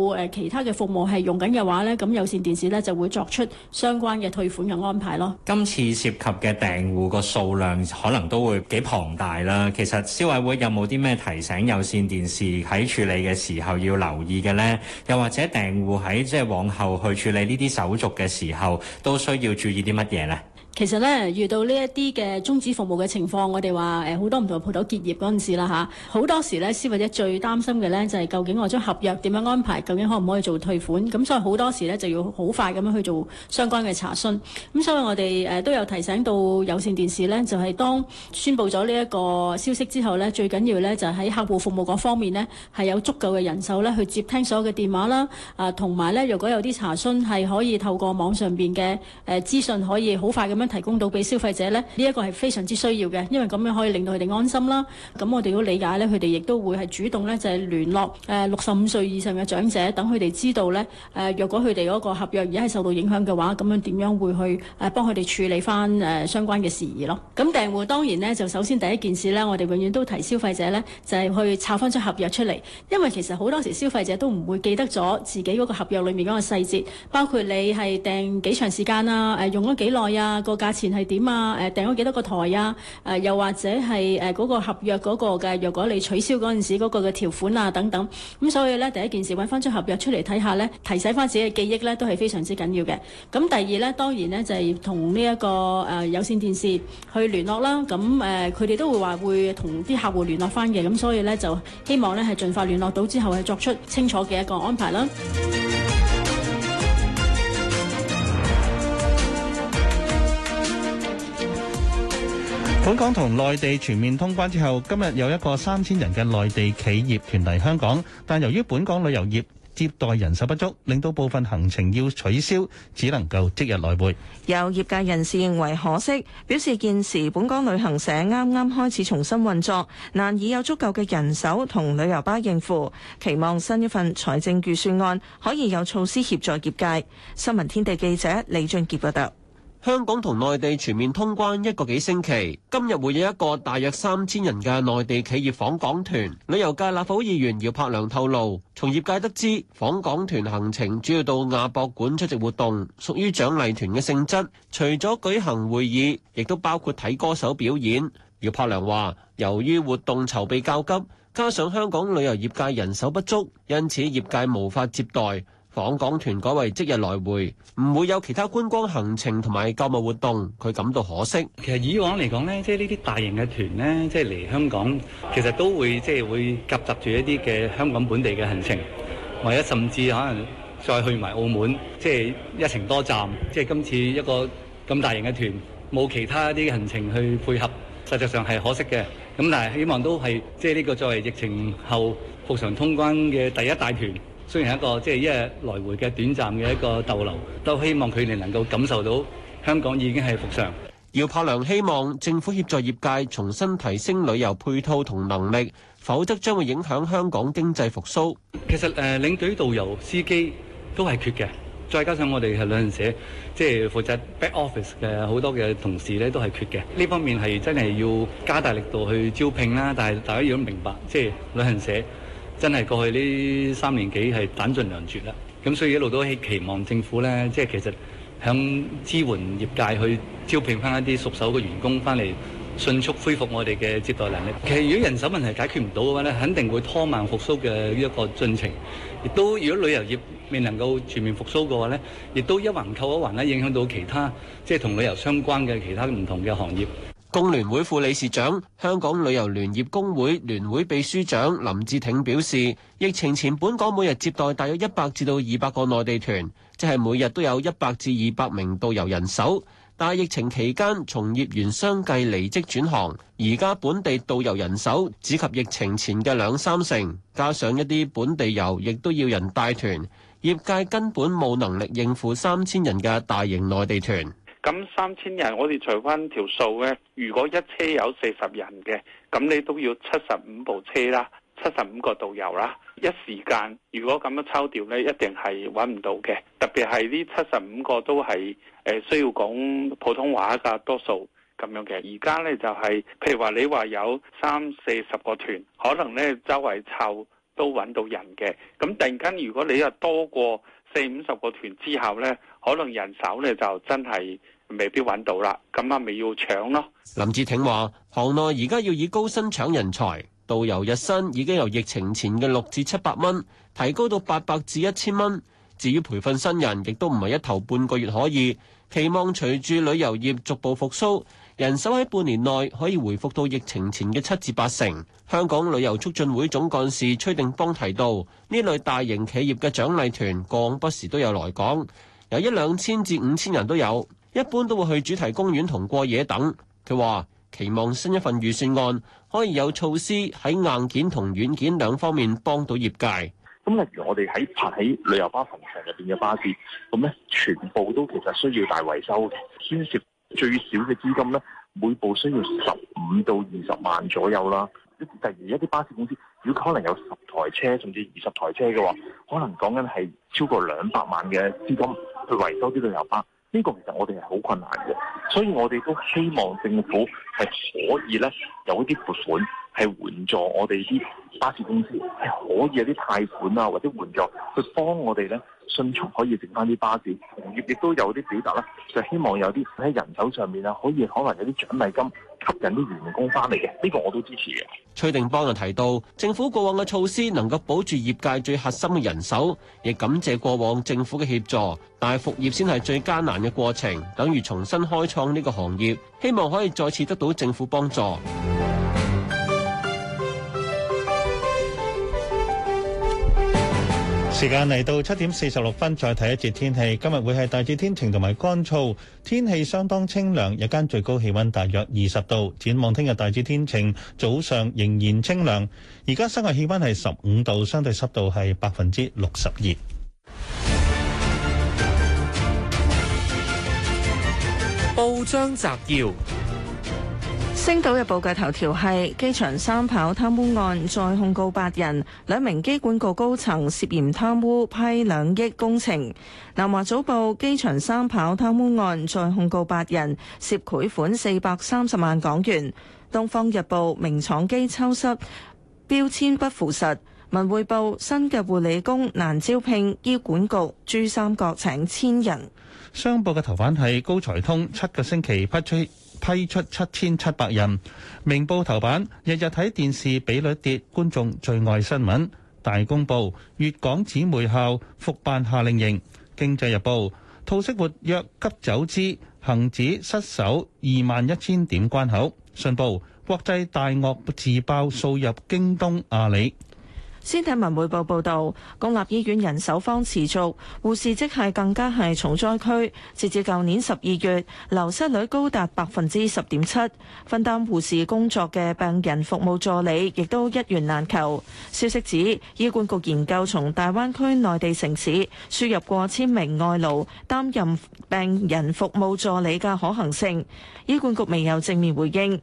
有誒其他嘅服務係用緊嘅話咧，咁有線電視咧就會作出相關嘅退款嘅安排咯。今次涉及嘅訂戶個數量可能都會幾龐大啦。其實消委會有冇啲咩提醒有線電視喺處理嘅時候要留意嘅咧？又或者訂戶喺即係往後去處理呢啲手續嘅時候，都需要注意啲乜嘢咧？其實咧，遇到呢一啲嘅中止服務嘅情況，我哋話誒好多唔同鋪頭結業嗰陣時啦嚇，好、啊、多時呢，消費者最擔心嘅呢，就係、是、究竟我將合約點樣安排，究竟可唔可以做退款？咁所以好多時呢，就要好快咁樣去做相關嘅查詢。咁所以我哋誒、呃、都有提醒到有線電視呢，就係、是、當宣布咗呢一個消息之後呢，最緊要呢，就喺、是、客戶服務嗰方面呢，係有足夠嘅人手呢去接聽所有嘅電話啦。啊，同埋呢，如果有啲查詢係可以透過網上邊嘅誒資訊，可以好快咁樣。提供到俾消費者呢，呢一個係非常之需要嘅，因為咁樣可以令到佢哋安心啦。咁我哋都理解呢佢哋亦都會係主動呢就係聯絡誒六十五歲以上嘅長者，等佢哋知道呢，誒，若果佢哋嗰個合約而家係受到影響嘅話，咁樣點樣會去誒幫佢哋處理翻誒相關嘅事宜咯。咁訂戶當然呢，就首先第一件事呢，我哋永遠都提消費者呢，就係去抄翻出合約出嚟，因為其實好多時消費者都唔會記得咗自己嗰個合約裡面嗰個細節，包括你係訂幾長時間啊，誒用咗幾耐啊。個價錢係點啊？誒、呃，訂咗幾多個台啊？誒、呃，又或者係誒嗰個合約嗰個嘅，若果你取消嗰陣時嗰個嘅條款啊等等，咁、嗯、所以呢，第一件事揾翻出合約出嚟睇下呢，提醒翻自己嘅記憶呢，都係非常之緊要嘅。咁、嗯、第二呢，當然呢，就係同呢一個誒、呃、有線電視去聯絡啦。咁、嗯、誒，佢、呃、哋都會話會同啲客戶聯絡翻嘅。咁、嗯、所以呢，就希望呢，係盡快聯絡到之後係作出清楚嘅一個安排啦。本港同內地全面通關之後，今日有一個三千人嘅內地企業團嚟香港，但由於本港旅遊業接待人手不足，令到部分行程要取消，只能夠即日來回。有業界人士認為可惜，表示現時本港旅行社啱啱開始重新運作，難以有足夠嘅人手同旅遊巴應付。期望新一份財政預算案可以有措施協助業界。新聞天地記者李俊傑報道。香港同內地全面通關一個幾星期，今日會有一個大約三千人嘅內地企業訪港團。旅遊界立法會議員姚柏良透露，從業界得知，訪港團行程主要到亞博館出席活動，屬於獎勵團嘅性質，除咗舉行會議，亦都包括睇歌手表演。姚柏良話，由於活動籌備較急，加上香港旅遊業界人手不足，因此業界無法接待。訪港團改為即日來回，唔會有其他觀光行程同埋購物活動，佢感到可惜。其實以往嚟講咧，即係呢啲大型嘅團呢，即係嚟香港，其實都會即係會夾雜住一啲嘅香港本地嘅行程，或者甚至可能再去埋澳門，即係一程多站。即係今次一個咁大型嘅團，冇其他啲行程去配合，實際上係可惜嘅。咁但係希望都係即係呢個作為疫情後復常通關嘅第一大團。雖然係一個即係一日來回嘅短暫嘅一個逗留，都希望佢哋能夠感受到香港已經係復常。姚柏良希望政府協助業界重新提升旅遊配套同能力，否則將會影響香港經濟復甦。其實誒，領隊、導遊、司機都係缺嘅，再加上我哋係旅行社，即係負責 back office 嘅好多嘅同事咧都係缺嘅。呢方面係真係要加大力度去招聘啦。但係大家要明白，即係旅行社。真係過去呢三年幾係彈盡糧絕啦，咁所以一路都係期望政府呢，即係其實響支援業界去招聘翻一啲熟手嘅員工翻嚟，迅速恢復我哋嘅接待能力。其實如果人手問題解決唔到嘅話呢，肯定會拖慢復甦嘅一個進程。亦都如果旅遊業未能夠全面復甦嘅話呢，亦都一環扣一環啦，影響到其他即係同旅遊相關嘅其他唔同嘅行業。工聯會副理事長、香港旅遊聯業工會聯會秘書長林志挺表示：疫情前本港每日接待大約一百至到二百個內地團，即係每日都有一百至二百名導遊人手。但係疫情期間，從業員相繼離職轉行，而家本地導遊人手只及疫情前嘅兩三成，加上一啲本地遊亦都要人帶團，業界根本冇能力應付三千人嘅大型內地團。咁三千人，我哋除翻條數呢。如果一車有四十人嘅，咁你都要七十五部車啦，七十五個導遊啦。一時間，如果咁樣抽調呢，一定係揾唔到嘅。特別係呢七十五個都係誒、呃、需要講普通話㗎多數咁樣嘅。而家呢就係、是，譬如話你話有三四十個團，可能呢周圍湊都揾到人嘅。咁突然間，如果你又多過四五十個團之後呢。可能人手咧就真係未必揾到啦，咁啊，咪要搶咯。林志挺話行內而家要以高薪搶人才，導遊日薪已經由疫情前嘅六至七百蚊提高到八百至一千蚊。至於培訓新人，亦都唔係一頭半個月可以。期望隨住旅遊業逐步復甦，人手喺半年內可以回復到疫情前嘅七至八成。香港旅遊促進會總幹事崔定邦提到，呢類大型企業嘅獎勵團降不時都有來港。有一兩千至五千人都有，一般都會去主題公園同過夜等。佢話期望新一份預算案可以有措施喺硬件同軟件兩方面幫到業界。咁例如我哋喺泊喺旅遊巴墳場入邊嘅巴士，咁咧全部都其實需要大維修，牽涉最少嘅資金咧，每部需要十五到二十萬左右啦。例如一啲巴士公司。如果可能有十台車，甚至二十台車嘅話，可能講緊係超過兩百萬嘅資金去維修啲旅遊巴。呢個其實我哋係好困難嘅，所以我哋都希望政府係可以咧有一啲撥款，係援助我哋啲巴士公司，係可以有啲貸款啊，或者援助去幫我哋咧。迅速可以剩翻啲巴士，同業亦都有啲表達啦，就希望有啲喺人手上面啊，可以可能有啲獎勵金吸引啲員工翻嚟嘅，呢個我都支持嘅。崔定邦又提到，政府過往嘅措施能夠保住業界最核心嘅人手，亦感謝過往政府嘅協助，但係復業先係最艱難嘅過程，等於重新開創呢個行業，希望可以再次得到政府幫助。時間嚟到七點四十六分，再睇一節天氣。今日會係大致天晴同埋乾燥，天氣相當清涼，日間最高氣溫大約二十度。展望聽日大致天晴，早上仍然清涼。而家室外氣溫係十五度，相對濕度係百分之六十二。報章摘要。星島日報嘅頭條係機場三跑貪污案再控告八人，兩名機管局高層涉嫌貪污批兩億工程。南華早報，機場三跑貪污案再控告八人，涉賄款四百三十萬港元。東方日報，名廠機抽濕標籤不符實。文匯報，新嘅護理工難招聘，醫管局珠三角請千人。商報嘅頭版係高才通七個星期批出。批出七千七百人。明報頭版，日日睇電視比率跌，觀眾最愛新聞。大公報，粵港姊妹校復辦夏令營。經濟日報，套息活躍急走之，恒指失守二萬一千點關口。信報，國際大鱷自爆數入京東阿里。先睇文匯報報道，公立醫院人手荒持續，護士職系更加係重災區。截至舊年十二月，流失率高達百分之十點七。分擔護士工作嘅病人服務助理，亦都一員難求。消息指，醫管局研究從大灣區內地城市輸入過千名外勞，擔任病人服務助理嘅可行性。醫管局未有正面回應。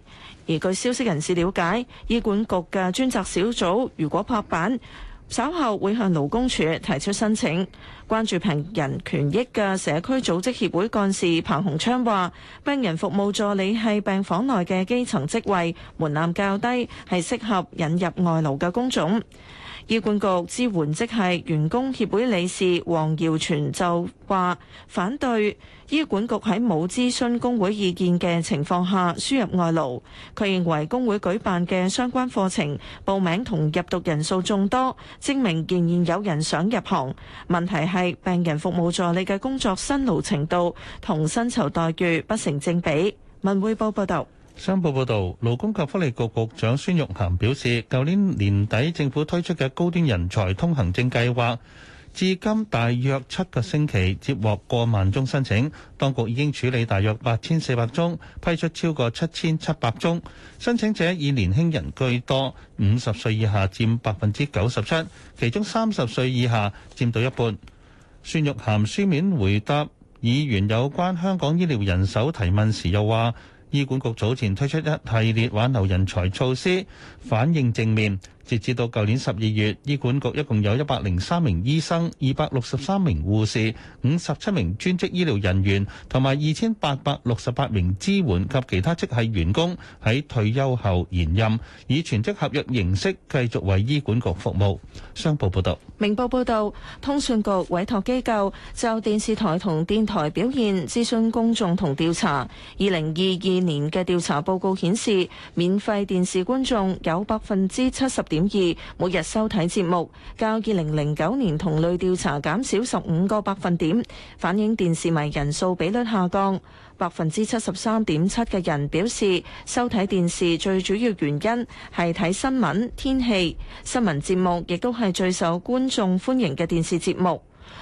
而據消息人士了解，醫管局嘅專責小組如果拍板，稍後會向勞工處提出申請。關注病人權益嘅社區組織協會幹事彭鴻昌話：病人服務助理係病房內嘅基層職位，門檻較低，係適合引入外勞嘅工種。醫管局支援即係員工協會理事黃耀全就話：反對醫管局喺冇諮詢工會意見嘅情況下輸入外勞。佢認為工會舉辦嘅相關課程報名同入讀人數眾多，證明仍然有人想入行。問題係病人服務助理嘅工作辛勞程度同薪酬待遇不成正比。文匯報報道。商報報導，勞工及福利局局長孫玉菡表示，舊年年底政府推出嘅高端人才通行證計劃，至今大約七個星期接獲過萬宗申請，當局已經處理大約八千四百宗，批出超過七千七百宗。申請者以年輕人居多，五十歲以下佔百分之九十七，其中三十歲以下佔到一半。孫玉菡書面回答議員有關香港醫療人手提問時又，又話。醫管局早前推出一系列挽留人才措施，反應正面。截至到舊年十二月，醫管局一共有一百零三名醫生、二百六十三名護士、五十七名專職醫療人員同埋二千八百六十八名支援及其他職系員工喺退休後延任，以全職合約形式繼續為醫管局服務。商報報道，明報報道，通訊局委託機構就電視台同電台表現諮詢公眾同調查。二零二二年嘅調查報告顯示，免費電視觀眾有百分之七十點點二，每日收睇節目較二零零九年同類調查減少十五個百分點，反映電視迷人數比率下降。百分之七十三點七嘅人表示，收睇電視最主要原因係睇新聞、天氣。新聞節目亦都係最受觀眾歡迎嘅電視節目。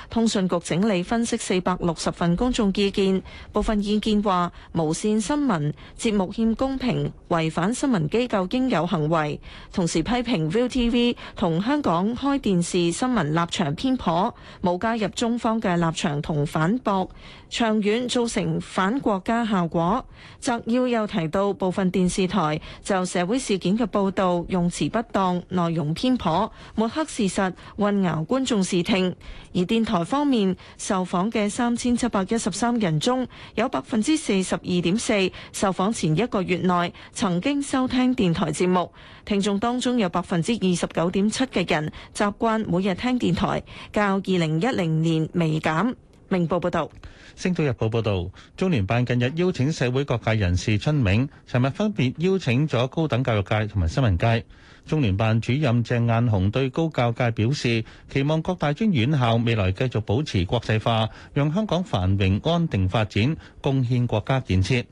通訊局整理分析四百六十份公眾意見，部分意見話無綫新聞節目欠公平，違反新聞機構應有行為。同時批評 ViuTV 同香港開電視新聞立場偏頗，冇加入中方嘅立場同反駁，長遠造成反國家效果。摘要又提到部分電視台就社會事件嘅報道用詞不當、內容偏頗、抹黑事實、混淆觀眾視聽，而電台方面，受訪嘅三千七百一十三人中，有百分之四十二點四受訪前一個月內曾經收聽電台節目。聽眾當中有百分之二十九點七嘅人習慣每日聽電台，較二零一零年微減。明報報道，《星島日報》報道，中聯辦近日邀請社會各界人士春茗，尋日分別邀請咗高等教育界同埋新聞界。中聯辦主任鄭雁雄對高教界表示，期望各大專院校未來繼續保持國際化，讓香港繁榮安定發展，貢獻國家建設。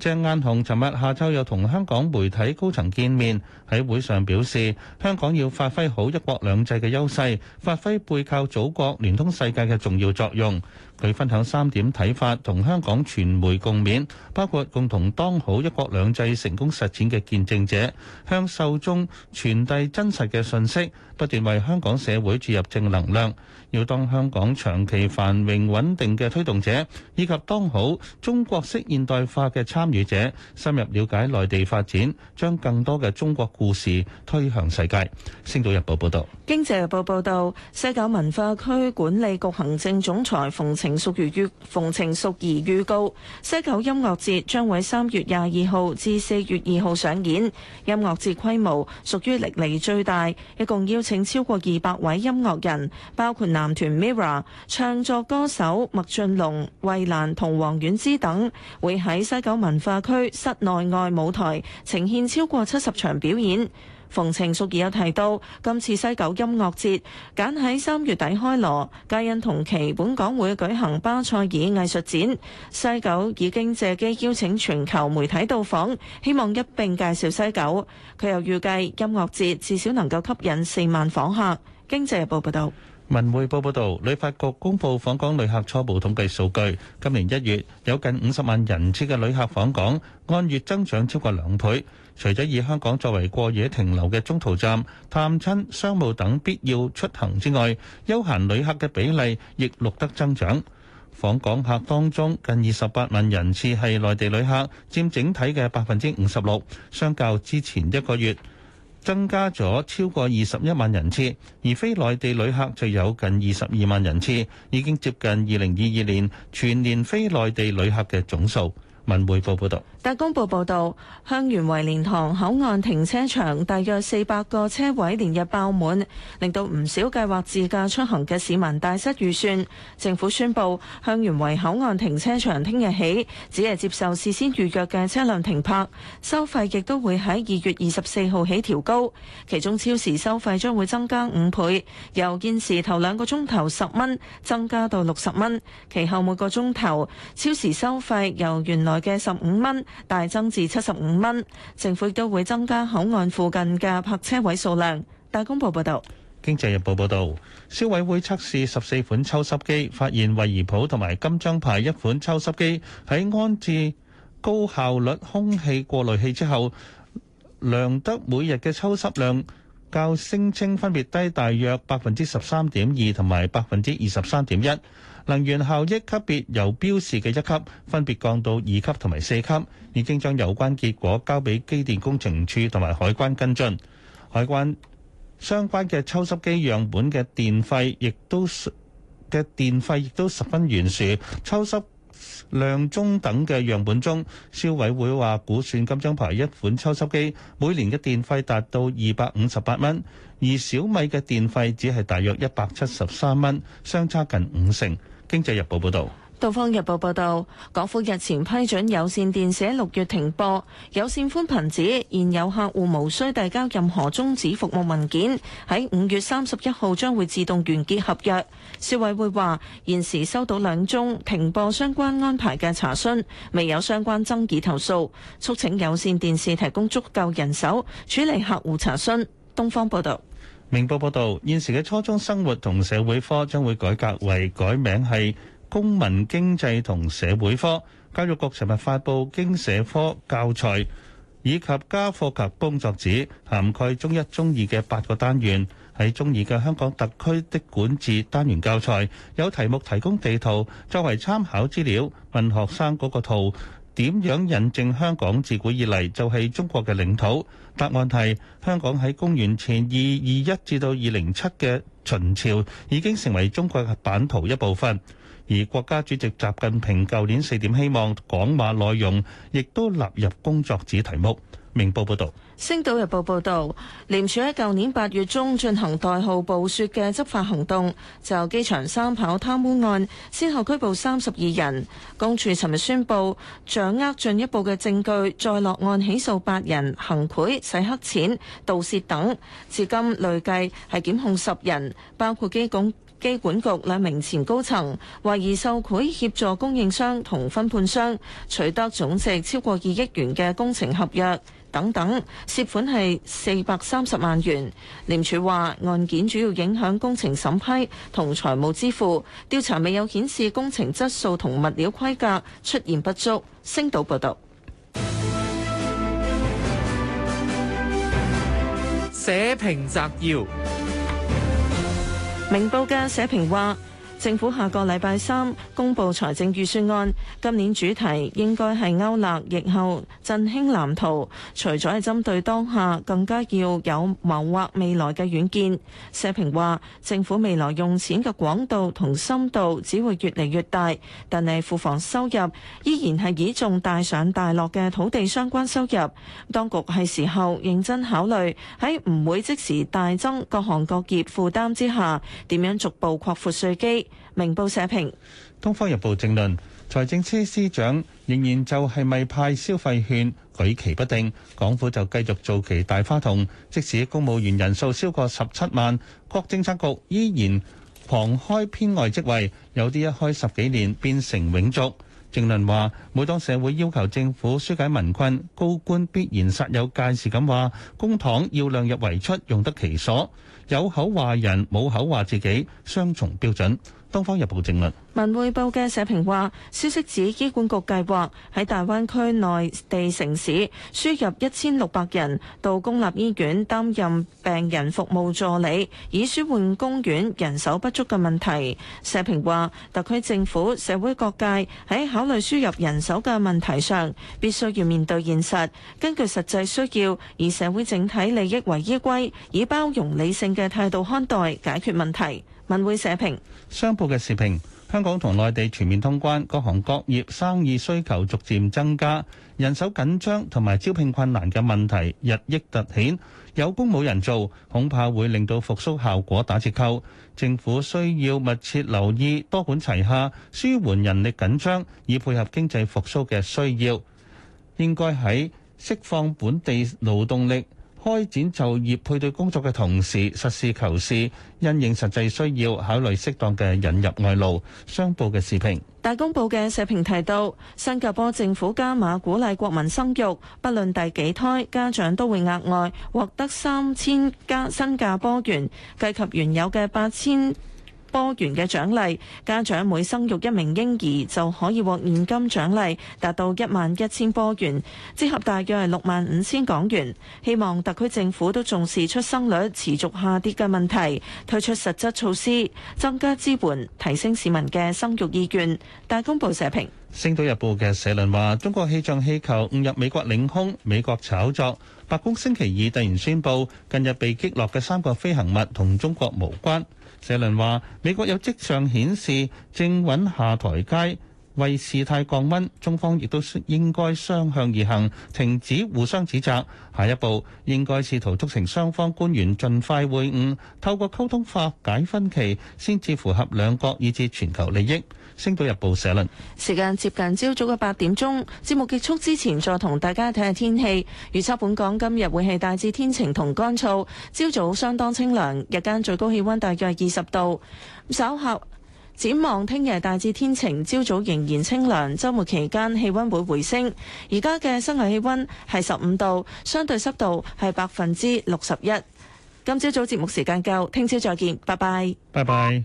鄭雁雄尋日下晝又同香港媒體高層見面，喺會上表示，香港要發揮好一國兩制嘅優勢，發揮背靠祖國、聯通世界嘅重要作用。佢分享三點睇法，同香港傳媒共勉，包括共同當好一國兩制成功實踐嘅見證者，向受眾傳遞真實嘅信息，不斷為香港社會注入正能量。要當香港長期繁榮穩定嘅推動者，以及當好中國式現代化嘅參與者，深入了解內地發展，將更多嘅中國故事推向世界。星島日報報道。經濟日報報道，西九文化區管理局行政總裁馮程淑儀預，馮程淑儀預告，西九音樂節將喺三月廿二號至四月二號上演。音樂節規模屬於歷嚟最大，一共邀請超過二百位音樂人，包括南。男團 MIRROR 唱作歌手麥浚龍、衛蘭同王菀之等會喺西九文化區室內外舞台呈現超過七十場表演。馮程淑儀有提到，今次西九音樂節揀喺三月底開鑼，皆因同期本港會舉行巴塞爾藝術展。西九已經借機邀請全球媒體到訪，希望一併介紹西九。佢又預計音樂節至少能夠吸引四萬訪客。經濟日報報道。文匯報報道，旅發局公布訪港旅客初步統計數據，今年1月，有近50萬人次的旅客訪港，按月增長超過兩倍,除了以香港作為過夜停留的中途站,探親、商務等必要出行之外,休閒旅客的比例亦錄得增長。訪港客當中近28萬人次是內地旅客,占整體的 56%, 相較之前一個月。增加咗超過二十一萬人次，而非內地旅客就有近二十二萬人次，已經接近二零二二年全年非內地旅客嘅總數。文匯報報道，大公報報道，香園圍蓮塘口岸停車場大約四百個車位連日爆滿，令到唔少計劃自駕出行嘅市民大失預算。政府宣布，香園圍口岸停車場聽日起只係接受事先預約嘅車輛停泊，收費亦都會喺二月二十四號起調高，其中超時收費將會增加五倍，由現時頭兩個鐘頭十蚊增加到六十蚊，其後每個鐘頭超時收費由原來嘅十五蚊，大增至七十五蚊。政府亦都會增加口岸附近嘅泊車位數量。大公報報導，《經濟日報》報導，消委會測試十四款抽濕機，發現惠而浦同埋金章牌一款抽濕機喺安置高效率空氣過濾器之後，量得每日嘅抽濕量較聲稱分別低大約百分之十三點二同埋百分之二十三點一。能源效益級別由標示嘅一級分別降到二級同埋四級，已經將有關結果交俾機電工程署同埋海關跟進。海關相關嘅抽濕機樣本嘅電費亦都嘅電費亦都十分懸殊。抽濕量中等嘅樣本中，消委會話估算，金章牌一款抽濕機每年嘅電費達到二百五十八蚊，而小米嘅電費只係大約一百七十三蚊，相差近五成。經濟日報報導，《東方日報》報道，港府日前批准有線電視六月停播。有線寬頻指現有客戶無需遞交任何終止服務文件，喺五月三十一號將會自動完結合約。消委會話現時收到兩宗停播相關安排嘅查詢，未有相關爭議投訴，促請有線電視提供足夠人手處理客戶查詢。東方報道。明報報道，現時嘅初中生活同社會科將會改革為改名係公民經濟同社會科。教育局尋日發布經社科教材以及家課及工作紙，涵蓋中一中二嘅八個單元。喺中二嘅香港特區的管治單元教材有題目提供地圖作為參考資料，問學生嗰個圖，點樣引證香港自古以嚟就係中國嘅領土？答案係香港喺公元前二二一至到二零七嘅秦朝已經成為中國嘅版圖一部分。而國家主席習近平舊年四點希望講話內容，亦都納入工作紙題目。明報報導。《星島日報》報道，廉署喺舊年八月中進行代號“暴雪”嘅執法行動，就機場三跑貪污案先後拘捕三十二人。公署尋日宣布掌握進一步嘅證據，再落案起訴八人行賄、洗黑錢、盜竊等。至今累計係檢控十人，包括機管機管局兩名前高層，懷疑受賄協助供應商同分判商取得總值超過二億元嘅工程合約。等等，涉款係四百三十萬元。廉署話案件主要影響工程審批同財務支付，調查未有顯示工程質素同物料規格出現不足。星島報道。社評摘要，明報嘅社評話，政府下個禮拜三公布財政預算案，今年主題應該係勾勒疫後振興藍圖。除咗係針對當下，更加要有謀劃未來嘅遠見。社評話，政府未來用錢嘅廣度同深度，只會越嚟越大。但係庫房收入依然係倚重大上大落嘅土地相關收入。當局係時候認真考慮喺唔會即時大增各行各業負擔之下，點樣逐步擴闊稅基。明報社評，《東方日報》政論：財政司司長仍然就係咪派消費券舉棋不定，港府就繼續做其大花筒。即使公務員人數超過十七萬，各政策局依然狂開編外職位，有啲一開十幾年變成永續。政論話：每當社會要求政府紓解民困，高官必然煞有介事咁話，公帑要量入為出，用得其所。有口話人，冇口話自己，雙重標準。《東方日報》正論、文匯報嘅社評話：消息指醫管局計劃喺大灣區內地城市輸入一千六百人到公立醫院擔任病人服務助理，以舒緩公院人手不足嘅問題。社評話：特區政府、社會各界喺考慮輸入人手嘅問題上，必須要面對現實，根據實際需要，以社會整體利益為依歸，以包容理性嘅態度看待解決問題。文匯社評。商報嘅時評，香港同內地全面通關，各行各業生意需求逐漸增加，人手緊張同埋招聘困難嘅問題日益突顯，有工冇人做，恐怕會令到復甦效果打折扣。政府需要密切留意，多管齊下，舒緩人力緊張，以配合經濟復甦嘅需要。應該喺釋放本地勞動力。開展就業配對工作嘅同時，實事求是，因應實際需要，考慮適當嘅引入外勞。商報嘅視頻。大公報嘅社評提到，新加坡政府加碼鼓勵國民生育，不論第幾胎，家長都會額外獲得三千加新加坡元，計及原有嘅八千波元嘅獎勵，家長每生育一名嬰兒就可以獲現金獎勵達到一萬一千波元，折合大約係六萬五千港元。希望特區政府都重視出生率持續下跌嘅問題，推出實質措施，增加支援，提升市民嘅生育意願。大公報社評，星島日報嘅社論話中國氣象氣球誤入美國領空，美國炒作。白宮星期二突然宣布，近日被擊落嘅三個飛行物同中國無關。社論話，美國有跡象顯示正搵下台階，為事態降温。中方亦都應該雙向而行，停止互相指責。下一步應該試圖促成雙方官員盡快會晤，透過溝通化解分歧，先至符合兩國以至全球利益。星島日報社論。時間接近朝早嘅八點鐘，節目結束之前再同大家睇下天氣預測。本港今日會係大致天晴同乾燥，朝早相當清涼，日間最高氣溫大約二十度。稍後展望聽日大致天晴，朝早仍然清涼。周末期間氣溫會回升。而家嘅室外氣溫係十五度，相對濕度係百分之六十一。今朝早節目時間夠，聽朝再見，拜拜。拜拜。